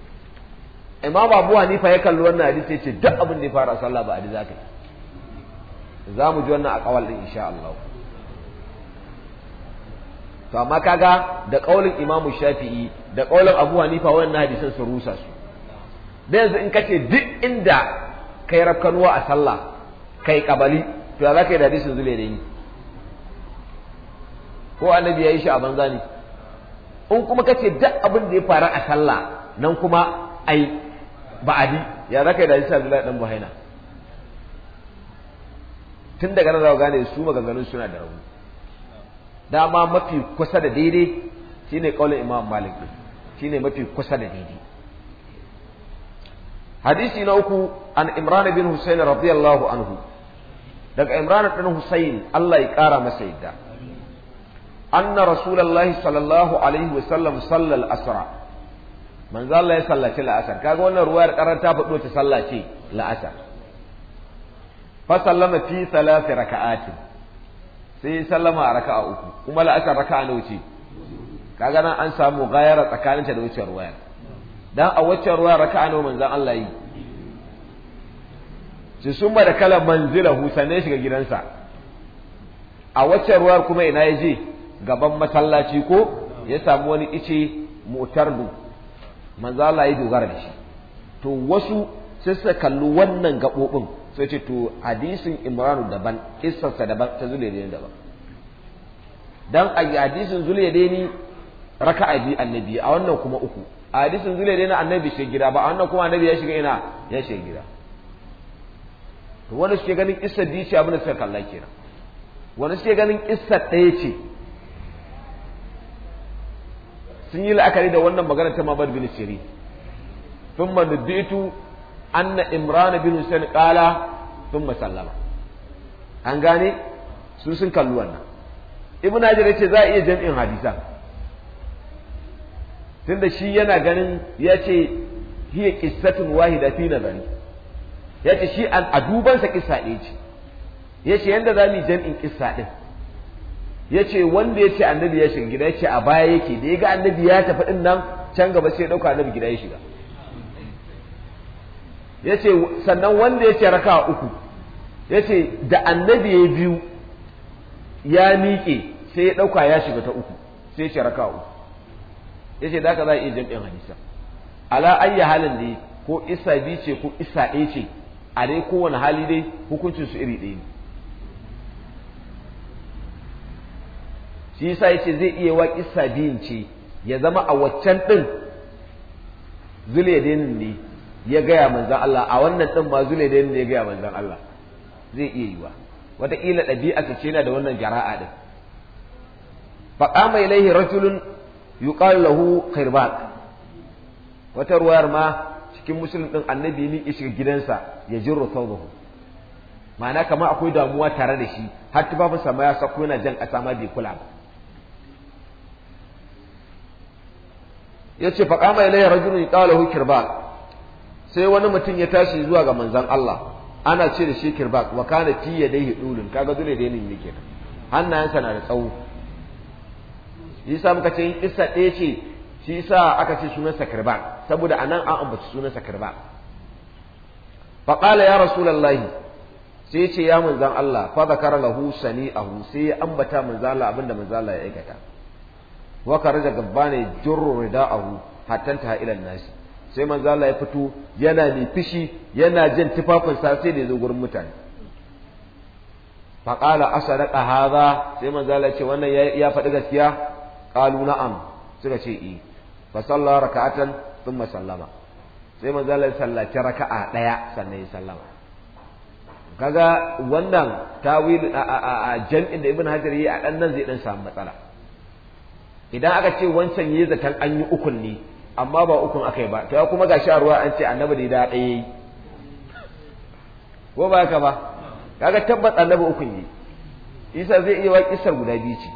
imam abu hanifa ya kalli wannan hadisi ce duk abin da ya fara sallah ba hadisi ka yi za mu ji wannan a kawal din insha Allah to amma kaga da kaulin imamu shafi'i da kaulin abu hanifa wannan hadisan su rusa su da yanzu in kace duk inda kai rafkanuwa a sallah kai kabali to za ka yi da hadisin zule da yi ko annabi ya yi shi a banza ne in kuma kace duk abin da ya faru a sallah nan kuma ai ba'adi ya zaka da shi Abdullahi dan Buhaina tun daga nan za gane su maganganun suna da rauni dama mafi kusa da daidai shine kaulin Imam Malik shine mafi kusa da daidai hadisi na uku an Imran bin Husayn radiyallahu anhu daga Imran bin Husayn Allah ya kara masa yadda anna rasulullahi sallallahu alaihi wa wasallam sallal asra manzo Allah ya sallaci la'asar kaga wannan ruwayar karar ta fado ta sallace la'asar fa sallama fi salasi raka'ati sai sallama a raka'a uku kuma la'asar raka'a nawa wuce. kaga nan an samu gayara tsakaninta da wucewar ruwayar dan a wucewar ruwayar raka'a nawa manzo Allah yi su sun ba da kalan manzilahu sannan shiga gidansa a wacce ruwar kuma ina yaje? gaban masallaci ko ya samu wani ice mu. manzo Allah ya dogara da shi to wasu sai suka kalli wannan gabobin sai ce to hadisin imranu daban kissarsa daban ta zule da daban dan a hadisin ni raka'a bi annabi a wannan kuma uku a hadisin ni annabi shi gida ba a wannan kuma annabi ya shiga ina ya shiga gida to wani shi ganin kissar biyu ce abin da suka kalla kenan Wani shi ganin kissar ɗaya ce sun yi la'akari da wannan magana ta mabar bin Sirin thumma an anna Imrana bin kala qala sun sallama an gane su sun kalli wannan Ibn ya ce za a iya jami'in hadisan tunda shi yana ganin ya ce hiya qissatun wahida fi nazari ya ce shi a dubansa kissa ɗaya ce ya ce yadda za mu yi jam'in kissa ɗin yace wanda yace annabi ya shiga gida ce a baya yake da ya ga annabi ya tafi din nan can gaba sai ya dauka annabi gida ya shiga ce sannan wanda ya ce raka uku yace da annabi ya biyu ya miƙe sai ya ɗauka ya shiga ta uku sai ya ce raka uku yace da ka za a iya jam'in hadisa ala ayyi halin ne ko isa bi ce ko isa ɗaya ce a dai kowane hali dai hukuncin su iri ɗaya ne shi yasa yace zai iya wa sabiyin ce ya zama a waccan din zuledenin ne ya gaya manzan Allah a wannan din ma zuledenin ne ya gaya manzan Allah zai iya yiwa wataƙila ɗabi'a ce yana da wannan jara'a din mai ilaihi rajulun yuqalu lahu khirbak wata ruwayar ma cikin musulun din annabi ne ya shiga gidansa ya jirru thawbahu ma'ana kamar akwai damuwa tare da shi har tufafin sama ya sako yana jan ƙasa ma bai kula ba yace fa qama ilayhi rajulun qalahu kirban sai wani mutum ya tashi zuwa ga manzan Allah ana ce da shi kirban wa kana fi yadayhi dulun kaga dole da yanin yake hannayensa na da tsawo yasa muka ce kissa ɗaya ce shi yasa aka ce sunansa kirban saboda anan an ambaci sunansa kirban fa qala ya rasulullahi sai ce ya manzan Allah fa zakara lahu sani'ahu sai ya ambata Manzala Allah abinda Manzala ya aikata wa kharaja gabbani jurru rida'ahu hatta ta ila nasi sai manzo Allah ya fito yana mai fishi yana jin tufafin sa sai da zo gurin mutane faqala asadaqa hadha sai manzo Allah ya ce wannan ya faɗi gaskiya qalu na'am suka ce eh fa salla raka'atan thumma sallama sai manzo Allah ya sallaci raka'a daya sannan ya sallama kaga wannan tawil a jam'in da ibn hajar yi a dan nan zai dan samu matsala idan aka ce wancan yi zaton an yi ukun ne amma ba ukun aka yi ba to ya kuma ga a ruwa an ce annabi ne da ya yi ko ba haka ba kaga tabbas annabi ukun yi isa zai iya wa kisar guda biyu ce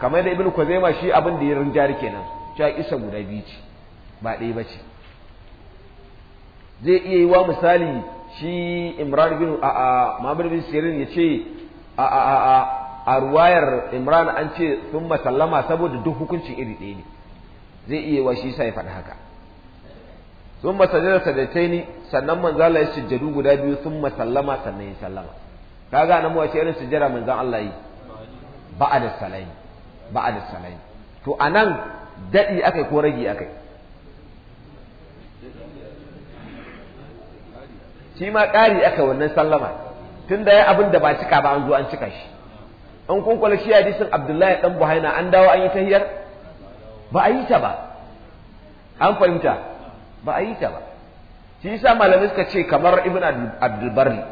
kamar da ibnu kuzaima shi abin da ya rinjari kenan cewa kisar guda biyu ce ba ɗaya ba ce zai iya yi wa misali shi imran bin A'a, a bin sirin ya ce a'a. a ruwayar imran an ce sun masallama saboda duk hukuncin iri ɗaya ne zai iya wa shi sai faɗi haka sun masajada sajadaini sannan Allah ya sujjadu guda biyu sun masallama sannan ya sallama kaga nan wace irin sujjada manzan Allah yi da salai da salai to anan dadi akai ko ragi akai shi ma ƙari aka wannan sallama tun da ya abin da ba cika ba an zo an cika shi an kun kwala shi hadisin Abdullahi dan Buhaina an dawo an yi tahiyar ba a yi ta ba an fahimta ba a yi ta ba shi yasa malamai suka ce kamar Ibn Abdul Barri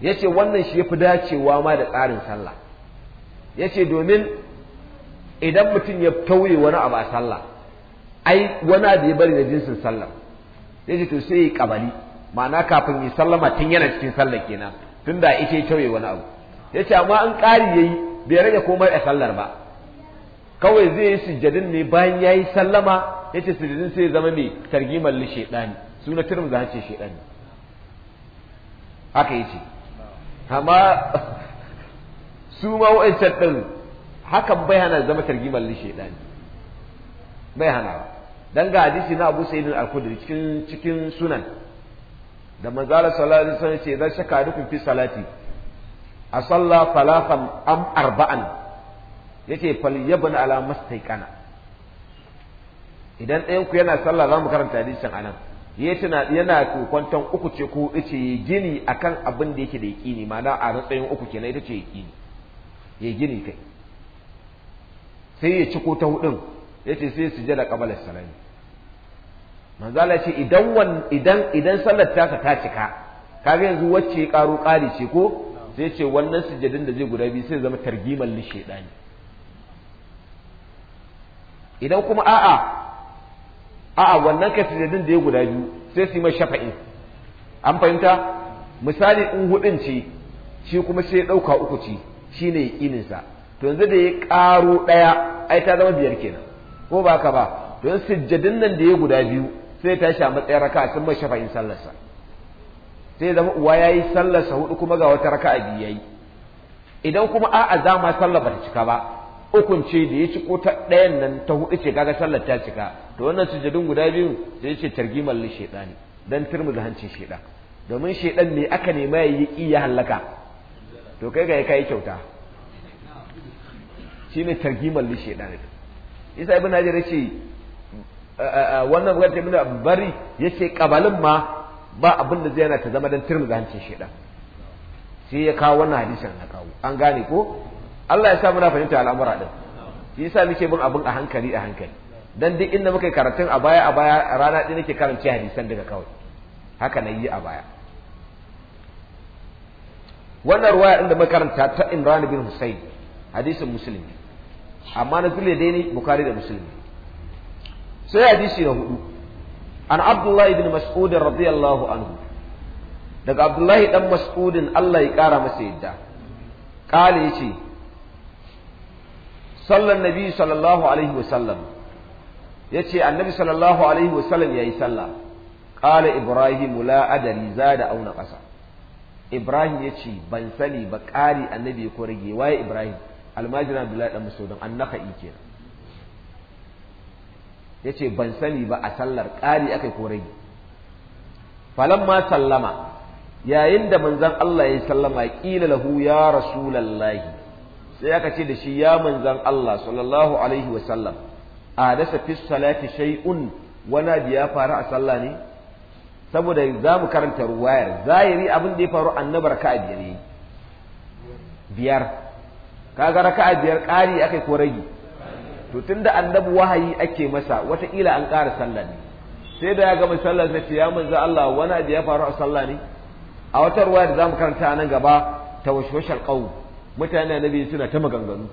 yace wannan shi yafi dacewa ma da tsarin sallah yace domin idan mutum ya tauye wani abu a sallah ai wani abu ya bari da jinsin sallah yace to sai ya kabali ma'ana kafin yi sallama tun yana cikin sallah kenan tunda ita ya tauye wani abu ya ce amma an ƙari ya yi bai rage komai a sallar ba kawai zai yi sujjadin ne bayan ya yi sallama ya ce sujjadin sai zama mai targi malli shaidani suna za a ce shaidani haka ya ce amma su ma wa'ancan ɗin hakan bai hana zama targi malli shaidani bai hana ba dan ga hadisi na Abu Sa'id al-Khudri cikin cikin sunan da manzo sallallahu alaihi wasallam ce idan shaka dukun fi salati a sallah falafan am arba'an yace falyabna ala taikana idan ɗayan ku yana sallah za mu karanta hadisin anan ya tana yana kwantan uku ce ko yace gini akan abin da yake da yaqini ma'ana a ratsayin uku kenan ita ce yaqini ya gini kai sai ya ciko ta hudun yace sai sujada qabala salami manzala ce idan idan idan sallar ta ta cika kaga yanzu wacce karo kari ce ko sai ce wannan sujadin da zai guda biyu sai zama targimal li shaydani idan kuma a'a a'a wannan ka sujadin da ya guda biyu sai su yi mai shafa'i an fahimta misali in hudun ce shi kuma sai ɗauka uku ce shi ne yaqininsa to yanzu da ya ƙaro ɗaya ai ta zama biyar kenan ko ba ka ba don sujadin nan da ya guda biyu sai ta tashi a matsayin raka sun mai shafa'in sallarsa sai zama uwa yayi sallar sa hudu kuma ga wata raka'a biyu yayi idan kuma a'a za ma sallar bata cika ba ukun ce da ya ci ko ta ɗayan nan ta hudu ce kaga sallar ta cika to wannan sujadun guda biyu sai ce targimal li shaytani dan turmuza hancin shaytan domin shaytan ne aka nema ya yi iya halaka to kai ga kai kyauta shine targimal li shaytani isa ibn hajar yace wannan bukatar ibn bari yace kabalin ma ba abin da zai yana ta zama don turmuga hancin shedan sai ya kawo wannan hadisin na kawo an gane ko Allah ya sa muna fahimta al'amura din shi yasa muke bin abin a hankali a hankali dan duk inda muka karatun a baya a baya rana ɗin nake karance hadisan daga kawai haka na yi a baya wannan ruwaya inda makaranta ta Imran bin Husayn hadisin Muslim amma na zule dai ne Bukhari da Muslim sai hadisi na hudu an abdullahi bin mas'ud radiyallahu anhu daga abdullahi dan mas'udin Allah ya kara masa yadda kale yace sallan nabi sallallahu alaihi wa sallam yace annabi sallallahu alaihi wa sallam yayi sallah kale ibrahim la adari zada auna qasa ibrahim yace ban sani ba kari annabi ko rage waye ibrahim almajira abdullahi dan mas'udin annaka kenan ya ce ban sani ba a sallar ƙari aka korai falon ma sallama yayin da manzan Allah ya sallama ƙila lahu ya rasulallahi sai aka ce da shi ya manzan Allah sallallahu alaihi wasallam a dasa fi salati shay'un wani abu ya faru a sallah ne saboda za mu karanta ruwayar zahiri abin da ya faru annabar ka biyar biyar kaga raka'a biyar ƙari aka ko rage to tunda annabi wahayi ake masa wataƙila an ƙara sallah ne sai da ya ga masallar na ce ya manzo Allah wani abu ya faru a sallah ne a wata ruwa da zamu karanta nan gaba ta tawashwashal qaw mutane annabi suna ta maganganu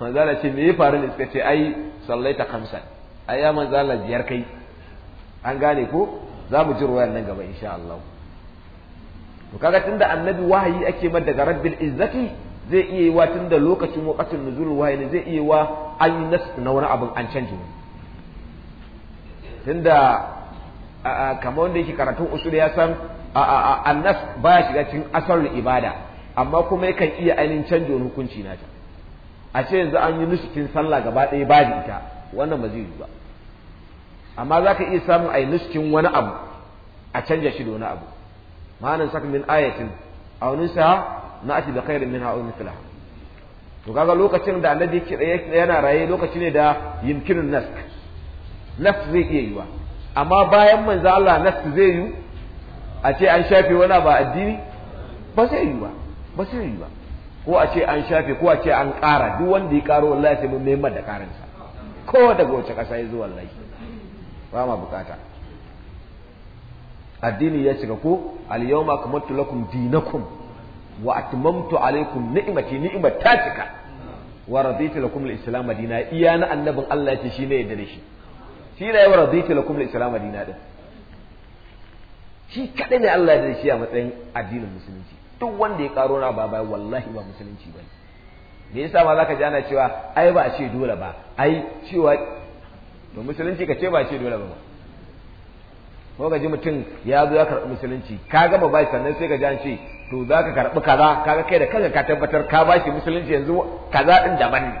manzo Allah ce me ya faru ne suka ce ai sallaita khamsan ai ya manzo Allah biyar kai an gane ko za mu ji ruwayar nan gaba insha Allah to kaga tunda annabi wahayi ake ma daga rabbil izzati zai iya yi wa tun da lokacin wakacin nuzulul wahayi ne zai iya yi wa an yi nasu na wani abin an canji tun da kamar wanda yake karatun usul ya san ba ya shiga cikin asalin ibada amma kuma yakan iya ainihin canji wani hukunci ta a ce yanzu an yi nusukin sallah gaba ɗaya ba ita wannan ba zai yi ba amma za ka iya samun a yi nusukin wani abu a canja shi da wani abu ma'anin sakamin ayatin a wani sa Na na'ati da kairin minha aw mithlaha to kaga lokacin da na annabi yana raye lokaci ne da yumkinun nask nafs zai iya yiwa amma bayan manzo Allah nafs zai yi a ce an shafe wani ba addini ba zai yi ba ba zai yi ba ko a ce an shafe ko a ce an ƙara duk wanda ya ƙaro wallahi sai mun nema da ƙarinsa ko daga wace ƙasa ya zo wallahi ba ma bukata addini ya shiga ko al-yawma akmaltu lakum dinakum wa atmamtu alaikum ni'imati ni'imat ta cika wa raditu lakum al-islam dina iya na annabin Allah yake shine yadda da shi shi ne wa raditu lakum al-islam dina din shi kadai ne Allah ya da shi a matsayin addinin musulunci duk wanda ya karo na baba wallahi ba musulunci bane me yasa ma zaka ji ana cewa ai ba a ce dole ba ai cewa to musulunci ka ce ba a ce dole ba ko ka ji mutum ya zo ya karɓi musulunci ka gama bai sannan sai ka ji an ce to za ka karɓi kaza kaga kai da kanka ka tabbatar ka ba shi musulunci yanzu kaza ɗin daban ne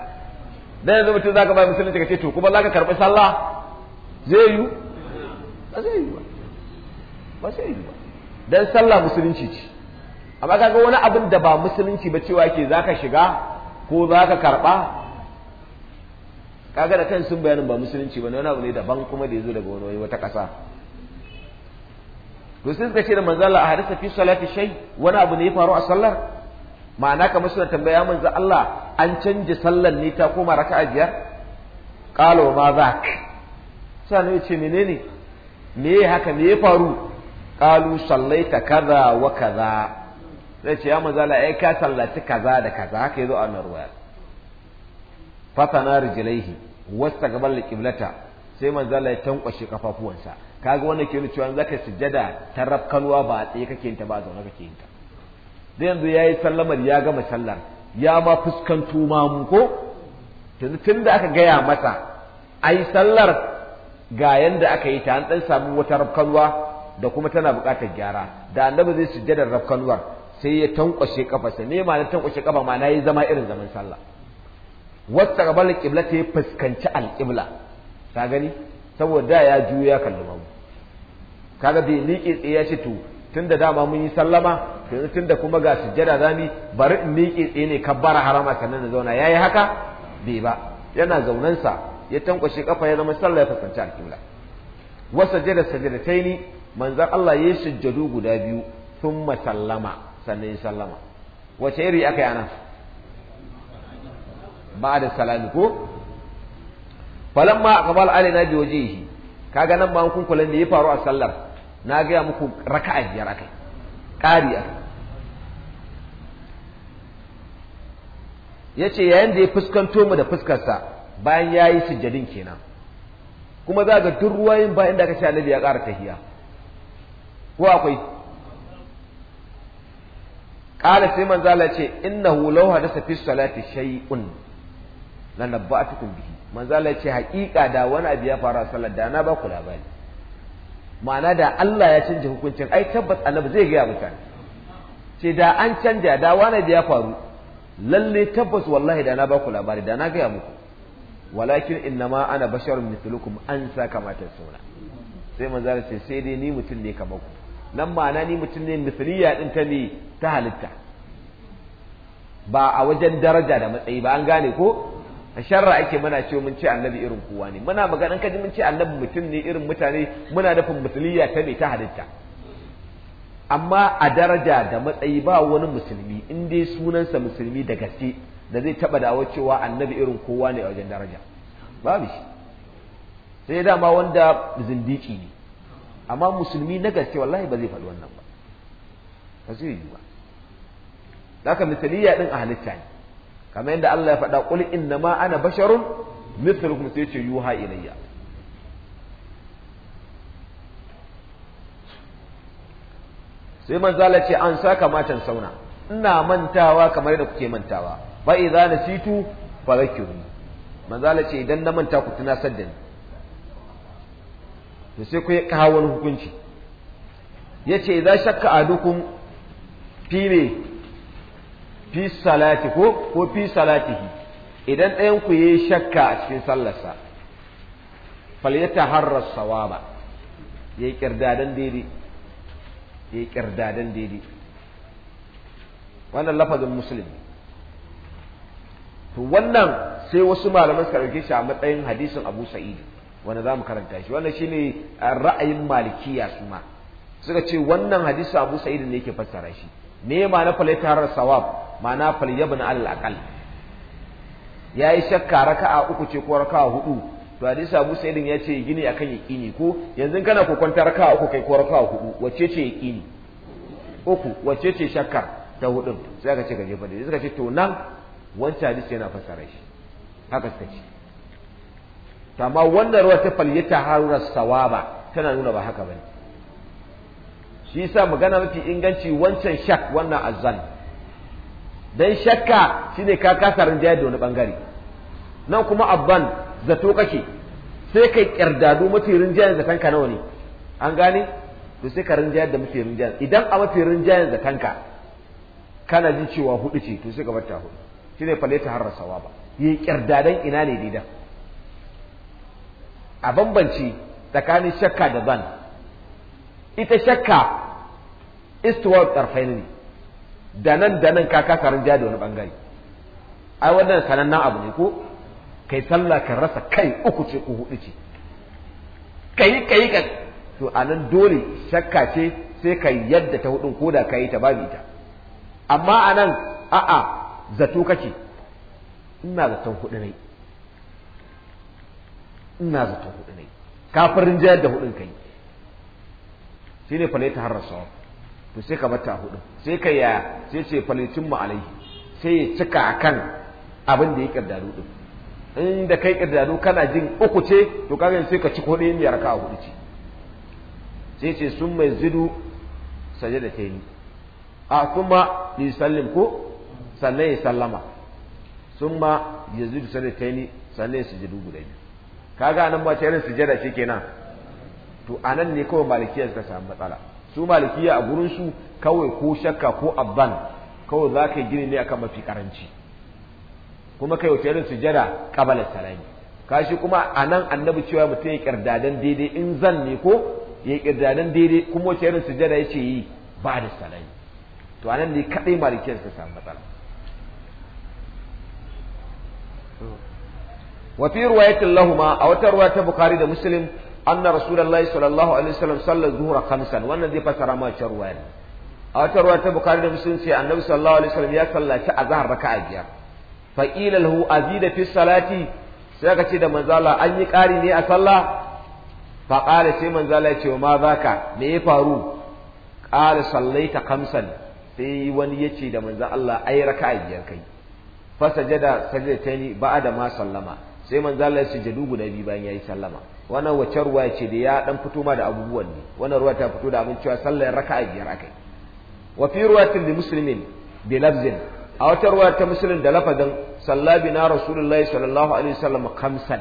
dan yanzu mutum za ka ba musulunci ka ce to kuma za ka karɓi sallah zai yi ba zai yi ba ba zai yi ba dan sallah musulunci ce amma kaga wani abin da ba musulunci ba cewa ke za ka shiga ko za ka karɓa kaga da kan sun bayanin ba musulunci ba ne wani abu ne daban kuma da ya zo daga wani wata ƙasa to sai suka ce da manzo Allah a hadisa fi salati shay wani abu ne ya faru a sallar ma'ana kamar suna tambaya manzo Allah an canje sallar ne ta koma raka'a biyar qalo ma zak sai ne ce menene me haka me ya faru qalu sallaita kaza wa kaza sai ce ya manzo Allah ai ka sallaci kaza da kaza haka yazo a wannan ruwaya fatana rijlaihi wasta gabal qiblata sai manzo Allah ya tankwashe kafafuwansa kaga wannan ke nuna cewa zaka sujjada ta rafkanuwa ba a tsaye kake ta ba a zaune kake ta da yanzu ya yi sallamar ya gama sallar ya ma fuskantu ma mu ko tun da aka gaya masa ai sallar ga yanda aka yi ta an dan samu wata rafkanuwa da kuma tana buƙatar gyara da annabi zai sujjada rafkanuwar sai ya tankwashe kafarsa ne ma na tankwashe kafa ma yi zama irin zaman sallah wasta qabala kibla ta fuskanci alƙibla ta gani saboda ya juya kalli mamu kaga bai miƙe tsaye ya ce to tunda dama mun yi sallama yanzu tunda kuma ga sujjada zami bari in miƙe tsaye ne bara harama sannan na zauna yayi haka bai ba yana zaunansa ya tankwashe kafa ya zama sallah ya fuskanci alƙibla wa sajjada ni, manzon Allah yayi sujjadu guda biyu thumma sallama sannan ya sallama wace iri aka yi anan ba da salami ko falamma aqbal alaina biwajhihi kaga nan ba kun kula da ya faru a sallar na gaya muku raka'a biyar akai ƙari ya ce yayin da ya fuskanto mu da fuskarsa bayan ya yayi sujjadin kenan kuma za ga duk ruwayin bayan da aka ce annabi ya ƙara tahiya ko akwai qala sai man zala ce innahu law hadasa fi salati shay'un lanabba'atukum bihi man zala ce haƙiƙa da wani abu ya faru a sallar da na ba ku labari ma'ana da Allah ya canja hukuncin ai tabbas annabi zai gaya mutane ce da an canja da wani da ya faru lalle tabbas wallahi da na ba ku labari da na gaya muku walakin innama ana basharun mithlukum an sa kama sura sai manzara ce sai dai ni mutum ne kamar ku nan ma'ana ni mutum ne mithliya din ta ne ta halitta ba a wajen daraja da matsayi ba an gane ko a sharra ake muna cewa mun ce annabi irin kowa ne muna magana ka ji mun ce annabi mutum ne irin mutane muna nufin musulmiya ta ne ta halitta amma a daraja da matsayi ba wani musulmi in dai sunansa musulmi da gaske da zai taba dawo cewa annabi irin kowa ne a wajen daraja babu shi sai dama wanda zindiki ne amma musulmi na gaske wallahi ba zai faɗi wannan ba ba zai yi ba da haka misaliya din a halitta ne kamar yadda Allah ya faɗa qul inna ma ana basharun mithlukum sai ce yuha ilayya sai manzo Allah ce an saka matan sauna ina mantawa kamar yadda kuke mantawa fa idza nasitu fadhakkiru manzo Allah ce idan na manta ku tunasar da ni to sai ku yi kawo hukunci yace idza shakka adukum fi ne fi salati ko ko fi salatihi idan ɗayan ku yi shakka a cikin sallarsa falyata harra sawaba yayi kirdadan daidai yayi kirdadan daidai wannan lafazin musulmi to wannan sai wasu malaman suka ɗauke shi a matsayin hadisin Abu Sa'id wanda zamu karanta shi wannan shine ra'ayin malikiya su ma suka ce wannan hadisin Abu Sa'id ne yake fassara shi me ma na falyata harra sawab ma'ana falyabna alal aqal yayi shakka raka'a uku ce ko raka'a hudu to hadisi Abu Sa'id ya ce gini akan yaqini ko yanzu kana ko kwanta raka'a uku kai ko raka'a hudu wacce ce yaqini uku wacce ce shakkar ta hudun sai aka ce gaje fa dai suka ce to nan wancan hadisi yana fassara shi haka suka ce to amma wannan ruwa ta falyata harurar sawaba tana nuna ba haka bane shi yasa magana mafi inganci wancan shak wannan azan. dan shakka shine ka kasa rinjaya da wani bangare nan kuma abban zato kake sai kai kirdadu mafi rinjayen zakanka nawa ne an gane to sai ka rinjayar da mafi rinjayen idan a mafi rinjayen zakanka kana jin cewa hudu ce to sai ka barta hudu shine ta har sawa ba yi kirdadan ina ne didan a bambanci tsakanin shakka da ban, ita shakka istuwar tarfain ne da nan da nan ka kasa rinja da wani bangare ai wannan sanannen abu ne ko kai sallah ka rasa kai uku ce ko hudu ce kai kai ka to anan dole shakka ce sai ka yadda ta hudun koda ka yi ta babu ita amma anan a'a zato kake ina zaton hudu ne ina zaton hudu ne Kafirin rinjayar da hudun kai shine fa ne ta to sai ka bata hudu sai ka ya sai ce falicin mu sai ya cika kan abin da ya kirdaru din inda kai kirdaru kana jin uku ce to kaga sai ka ci kodi in ya raka hudu ce sai ce sun mai zidu saje da tayi a kuma li sallim ko sannan ya sallama sun ma ya zidu saje da ni, sannan ya sujudu guda biyu kaga nan ba ta irin sujada kenan to anan ne kawai malikiyar suka samu matsala su malikiya a gurin su kawai ko shakka ko abban kawai za ka yi gini ne kan mafi karanci kuma kai wace irin sujada qabala salami kashi kuma a nan annabi cewa mutum ya kirdadan daidai in zan ne ko ya kirdadan daidai kuma wace irin sujada ce yi ba da salami to anan ne kadai malikiya suka samu matsala wa fi riwayatin lahuma a wata ruwa ta bukhari da muslim anna rasulullahi sallallahu alaihi wasallam sallar zuhura khamsan wannan zai fasara ma can ruwa ne a wata ruwa ta Bukhari da muslim ce annabi sallallahu alaihi wasallam ya sallaci a azhar raka'a biyar fa qila lahu azida fi salati sai aka ce da manzala an yi ƙari ne a sallah fa qala sai manzala ya ce ma zaka me ya faru qala sallaita khamsan sai wani ya ce da manzan Allah ai raka'a biyar kai fa tani sajadatani da ma sallama sai manzala ya sujudu guda biyu ya yi sallama wannan wacce ruwa ce da ya dan fito ma da abubuwan ne wannan ruwa ta fito da abin cewa sallar raka'a biyar akai wa fi ruwatin li muslimin bi lafzin a wata ruwa ta muslim da lafazin sallabi na rasulullahi sallallahu alaihi wasallam khamsan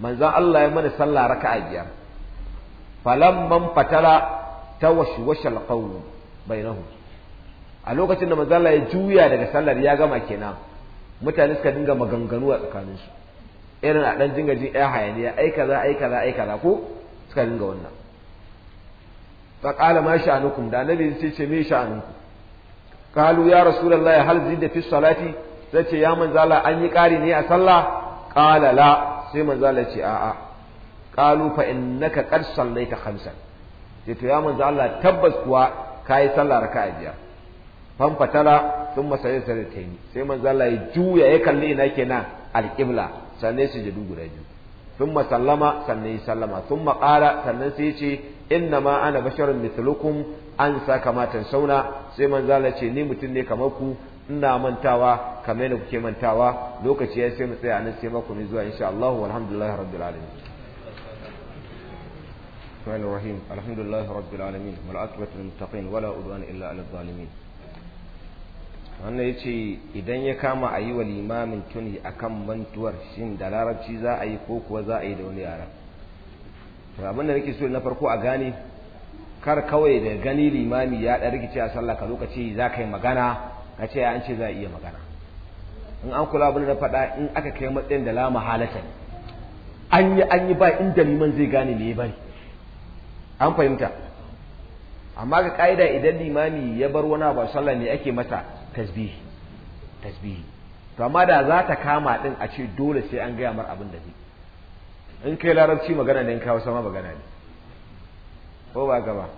manzon Allah ya mana sallah raka'a biyar Falam man fatala tawashwashal qawm bainahu a lokacin da manzon Allah ya juya daga sallar ya gama kenan mutane suka dinga maganganu tsakaninsu irin a ɗan dinga jin ɗaya hayaniya ai kaza ai kaza ai kaza ko suka dinga wannan fa qala ma sha'anukum da annabi sai ce me sha'anukum qalu ya rasulullahi hal zida fi salati sai ce ya manzala an yi ƙari ne a sallah qala la sai manzala ce a'a qalu fa innaka qad sallaita khamsan ce to ya manzala tabbas kuwa kai sallah raka'a biyar fan fatala sun masajin sai sai manzala ya juya ya kalli ina kenan alqibla sannan ya sujudu guda biyu sun sallama sannan yi sallama sun maƙara sannan sai ya ce inna ma ana basharun mithlukum an sa kamatan sauna sai man manzala ce ni mutum ne kamar ku ina mantawa kamar yadda kuke mantawa lokaci ya sai mu tsaya nan sai mako mai zuwa insha Allah walhamdulillahi rabbil alamin الرحمن الرحيم الحمد لله رب العالمين والعاقبة للمتقين ولا عدوان إلا على الظالمين wannan ya ce idan ya kama a yi wa limamin tuni a kan mantuwar shin da larabci za a yi ko kuwa za a yi da wani yara abin da nake so na farko a gane kar kawai da gani limami ya ɗan rikice a sallah ka lokaci za ka yi magana ka ce an ce za a iya magana in an kula abin da faɗa in aka kai matsayin da lama halatan an yi an yi ba inda liman zai gane me ya bari an fahimta amma ga ka'ida idan limami ya bar wani abu sallah ne ake masa tasbihi tasbihi to amma da za ta kama din a ce dole sai an gaya mar abin da zai in kai larabci magana ne in kawo sama magana ne ko ba gaba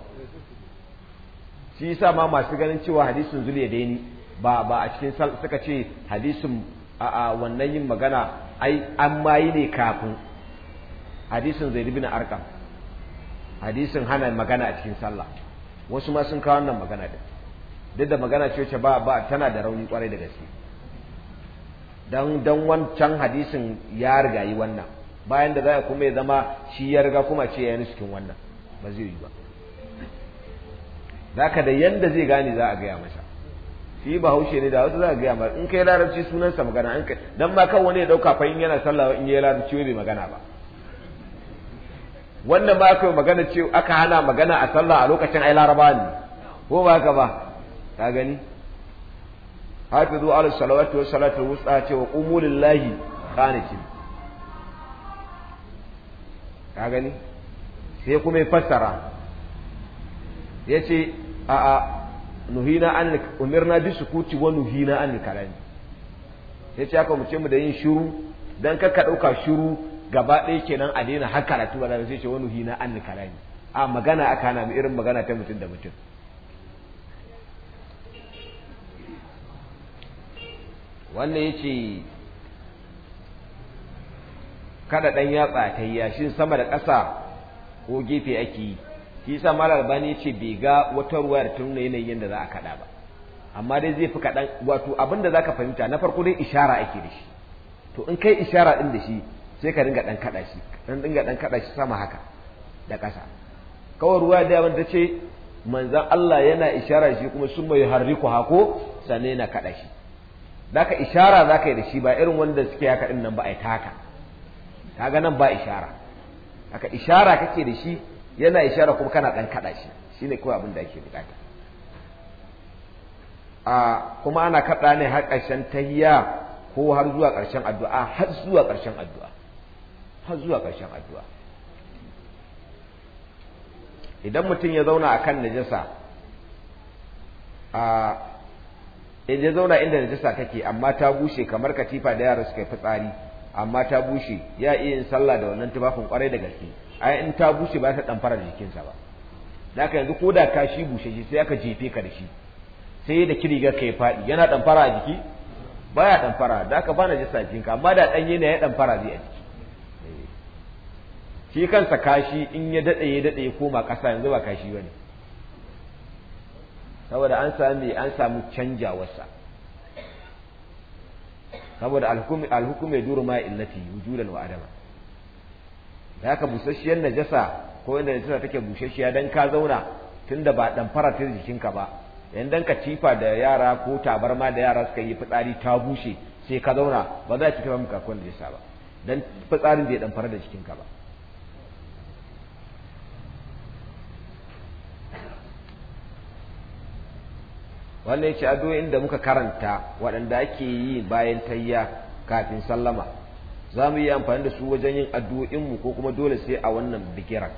shi yasa ma masu ganin cewa hadisin zuliya ni ba ba a cikin suka ce hadisin a wannan yin magana ai an mayi ne kafin hadisin zaid bin arqam hadisin hana magana a cikin sallah wasu ma sun kawo wannan magana din duk da magana ce wace ba ba tana da rauni kwarai da gaske dan dan wancan hadisin ya riga yi wannan bayan da za kuma ya zama shi ya riga kuma ce yayin cikin wannan ba zai yi ba zaka da yanda zai gane za a gaya masa shi bahaushe ne da wasu za a gaya masa in kai larabci sunansa magana an kai dan ma kan wani ya dauka fa in yana sallah in yayi larabci bai magana ba wannan ba aka magana ce aka hana magana a sallah a lokacin ai larabani ne ko ba haka ba ka gani hafizu ala salawati wa salatu wusta ce wa qumu lillahi qanitin ka gani sai kuma ya fassara yace a a nuhina an umirna bi sukuti wa nuhina an kalani yace haka mu ce mu da yin shiru dan kakka dauka shiru gaba ɗaya kenan a daina har karatu ba sai ce wa nuhina an kalani a magana aka na mu irin magana ta mutum da mutum wannan ya ce kada ɗan yatsa ta yashin sama da ƙasa ko gefe ake yi shi sa malar bani ya ce bai ga wata ruwa da tun yanayin yadda za a kaɗa ba amma dai zai fi kaɗan wato abin da za ka fahimta na farko dai ishara ake da shi to in kai ishara ɗin da shi sai ka dinga ɗan kaɗa shi ɗan dinga ɗan kaɗa shi sama haka da ƙasa kawai ruwa da yawan ta ce manzan Allah yana ishara shi kuma sun mai harriku hako sannan yana kaɗa shi zaka ishara zaka yi da shi ba irin wanda suke haka din nan ba ai taka kaga nan ba ishara haka ishara kake da shi yana ishara kuma kana dan kada shi shine kawai abin da yake bukata a kuma ana kada ne har karshen tahiyya ko har zuwa karshen addu'a har zuwa karshen addu'a har zuwa karshen addu'a idan mutum ya zauna akan najasa a in ya zauna inda najasa take amma ta bushe kamar katifa da yara suka fitsari amma ta bushe ya iya yin sallah da wannan tufafin kwarai da gaske ai in ta bushe ba ta damfara da jikinsa ba da aka yanzu koda ka shi bushe shi sai aka jefe ka da shi sai da kirigar ka ya faɗi yana damfara a jiki baya damfara da aka ba najasa jikinka amma da ɗanye na ya damfara zai a jiki eh. shi kansa kashi in ya daɗe ya daɗe ya koma ƙasa yanzu ba kashi ba ne saboda an sami an samu canjawarsa saboda alhukum ya duru ma illati wujudan wa adama da haka busasshiyar najasa ko inda najasa take busasshiya dan ka zauna tunda ba dan fara ta jikinka ba yan dan ka cifa da yara ko tabarma da yara suka yi fitsari ta bushe sai ka zauna ba za ki tafi maka kwan da ya saba dan fitsarin da ya dan fara da jikinka ba wannan yace addu'o'in da muka karanta waɗanda ake yi bayan tayya kafin sallama za mu yi amfani da su wajen yin addu'o'inmu ko kuma dole sai a wannan bagiran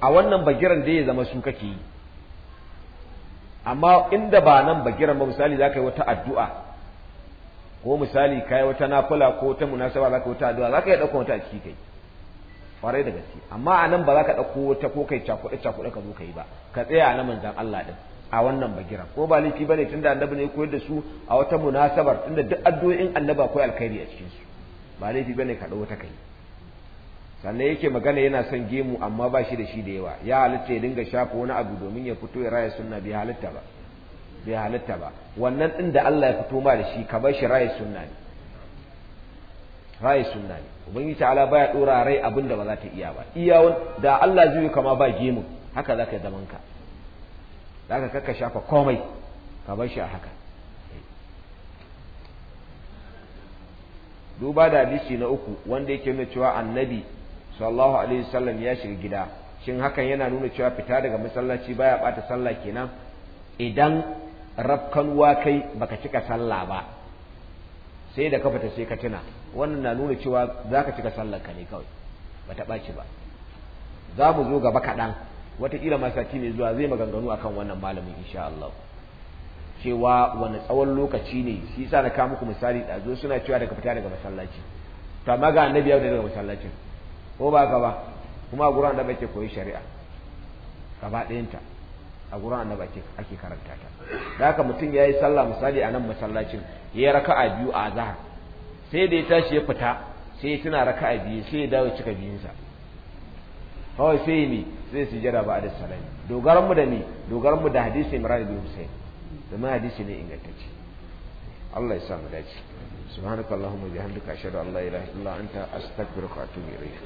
a wannan bagiran da ya zama su kake yi amma inda ba nan bagiran ba misali za ka yi wata addu'a ko misali ka yi wata nafula ko ta munasaba za ka yi wata addu'a za ka yi ɗauko wata a ciki kai kwarai da gaske amma a nan ba za ka ɗauko wata ko kai cakuɗe cakuɗe ka zo ka yi ba ka tsaya a na manzan Allah ɗin a wannan bagira ko ba laifi bane tunda annabi ne koyar da su a wata munasabar tunda duk addu'o'in annabi akwai alkhairi a cikin su ba laifi bane ka dawo ta kai sannan yake magana yana son gemu amma ba shi da shi da yawa ya halitta ya dinga shafa wani abu domin ya fito ya raya sunna bai halitta ba bai halitta ba wannan din da Allah ya fito ma da shi ka bar shi raya sunna ne raya sunna ne ubangiji ta'ala baya dora rai abin da ba za ta iya ba iyawon da Allah zai kama ba gemu haka zaka zaman ka zaka kakka shafa komai ka bar shi a haka duba da hadisi na uku wanda yake nuna cewa annabi sallallahu alaihi wasallam ya shiga gida shin hakan yana nuna cewa fita daga masallaci baya bata sallah kenan idan rafkan kai baka cika sallah ba sai da ka fita sai ka tuna wannan na nuna cewa zaka cika sallar ka ne kawai bata ɓaci ba za mu zo gaba kaɗan wataƙila ma sati mai zuwa zai maganganu akan wannan malamin insha Allah cewa wani tsawon lokaci ne shi yasa na kawo muku misali ɗazu suna cewa daga fita daga masallaci to amma ga annabi ya daga masallacin ko ba ka ba kuma a gurin annabi ke koyi shari'a gaba ɗayanta a gurin annabi ake ake karanta ta da haka mutum ya yi sallah misali a nan masallacin ya yi raka'a biyu a azhar sai da ya tashi ya fita sai ya tuna raka'a biyu sai ya dawo cika biyunsa kawai sai ne sai jira ba da salami dogaran mu da ni dogaran mu da hadisi Imran ibn Husayn domin hadisi ne ingantacce Allah ya sa mu dace subhanakallahumma bihamdika ashhadu an la ilaha illa anta astaghfiruka wa atubu ilayk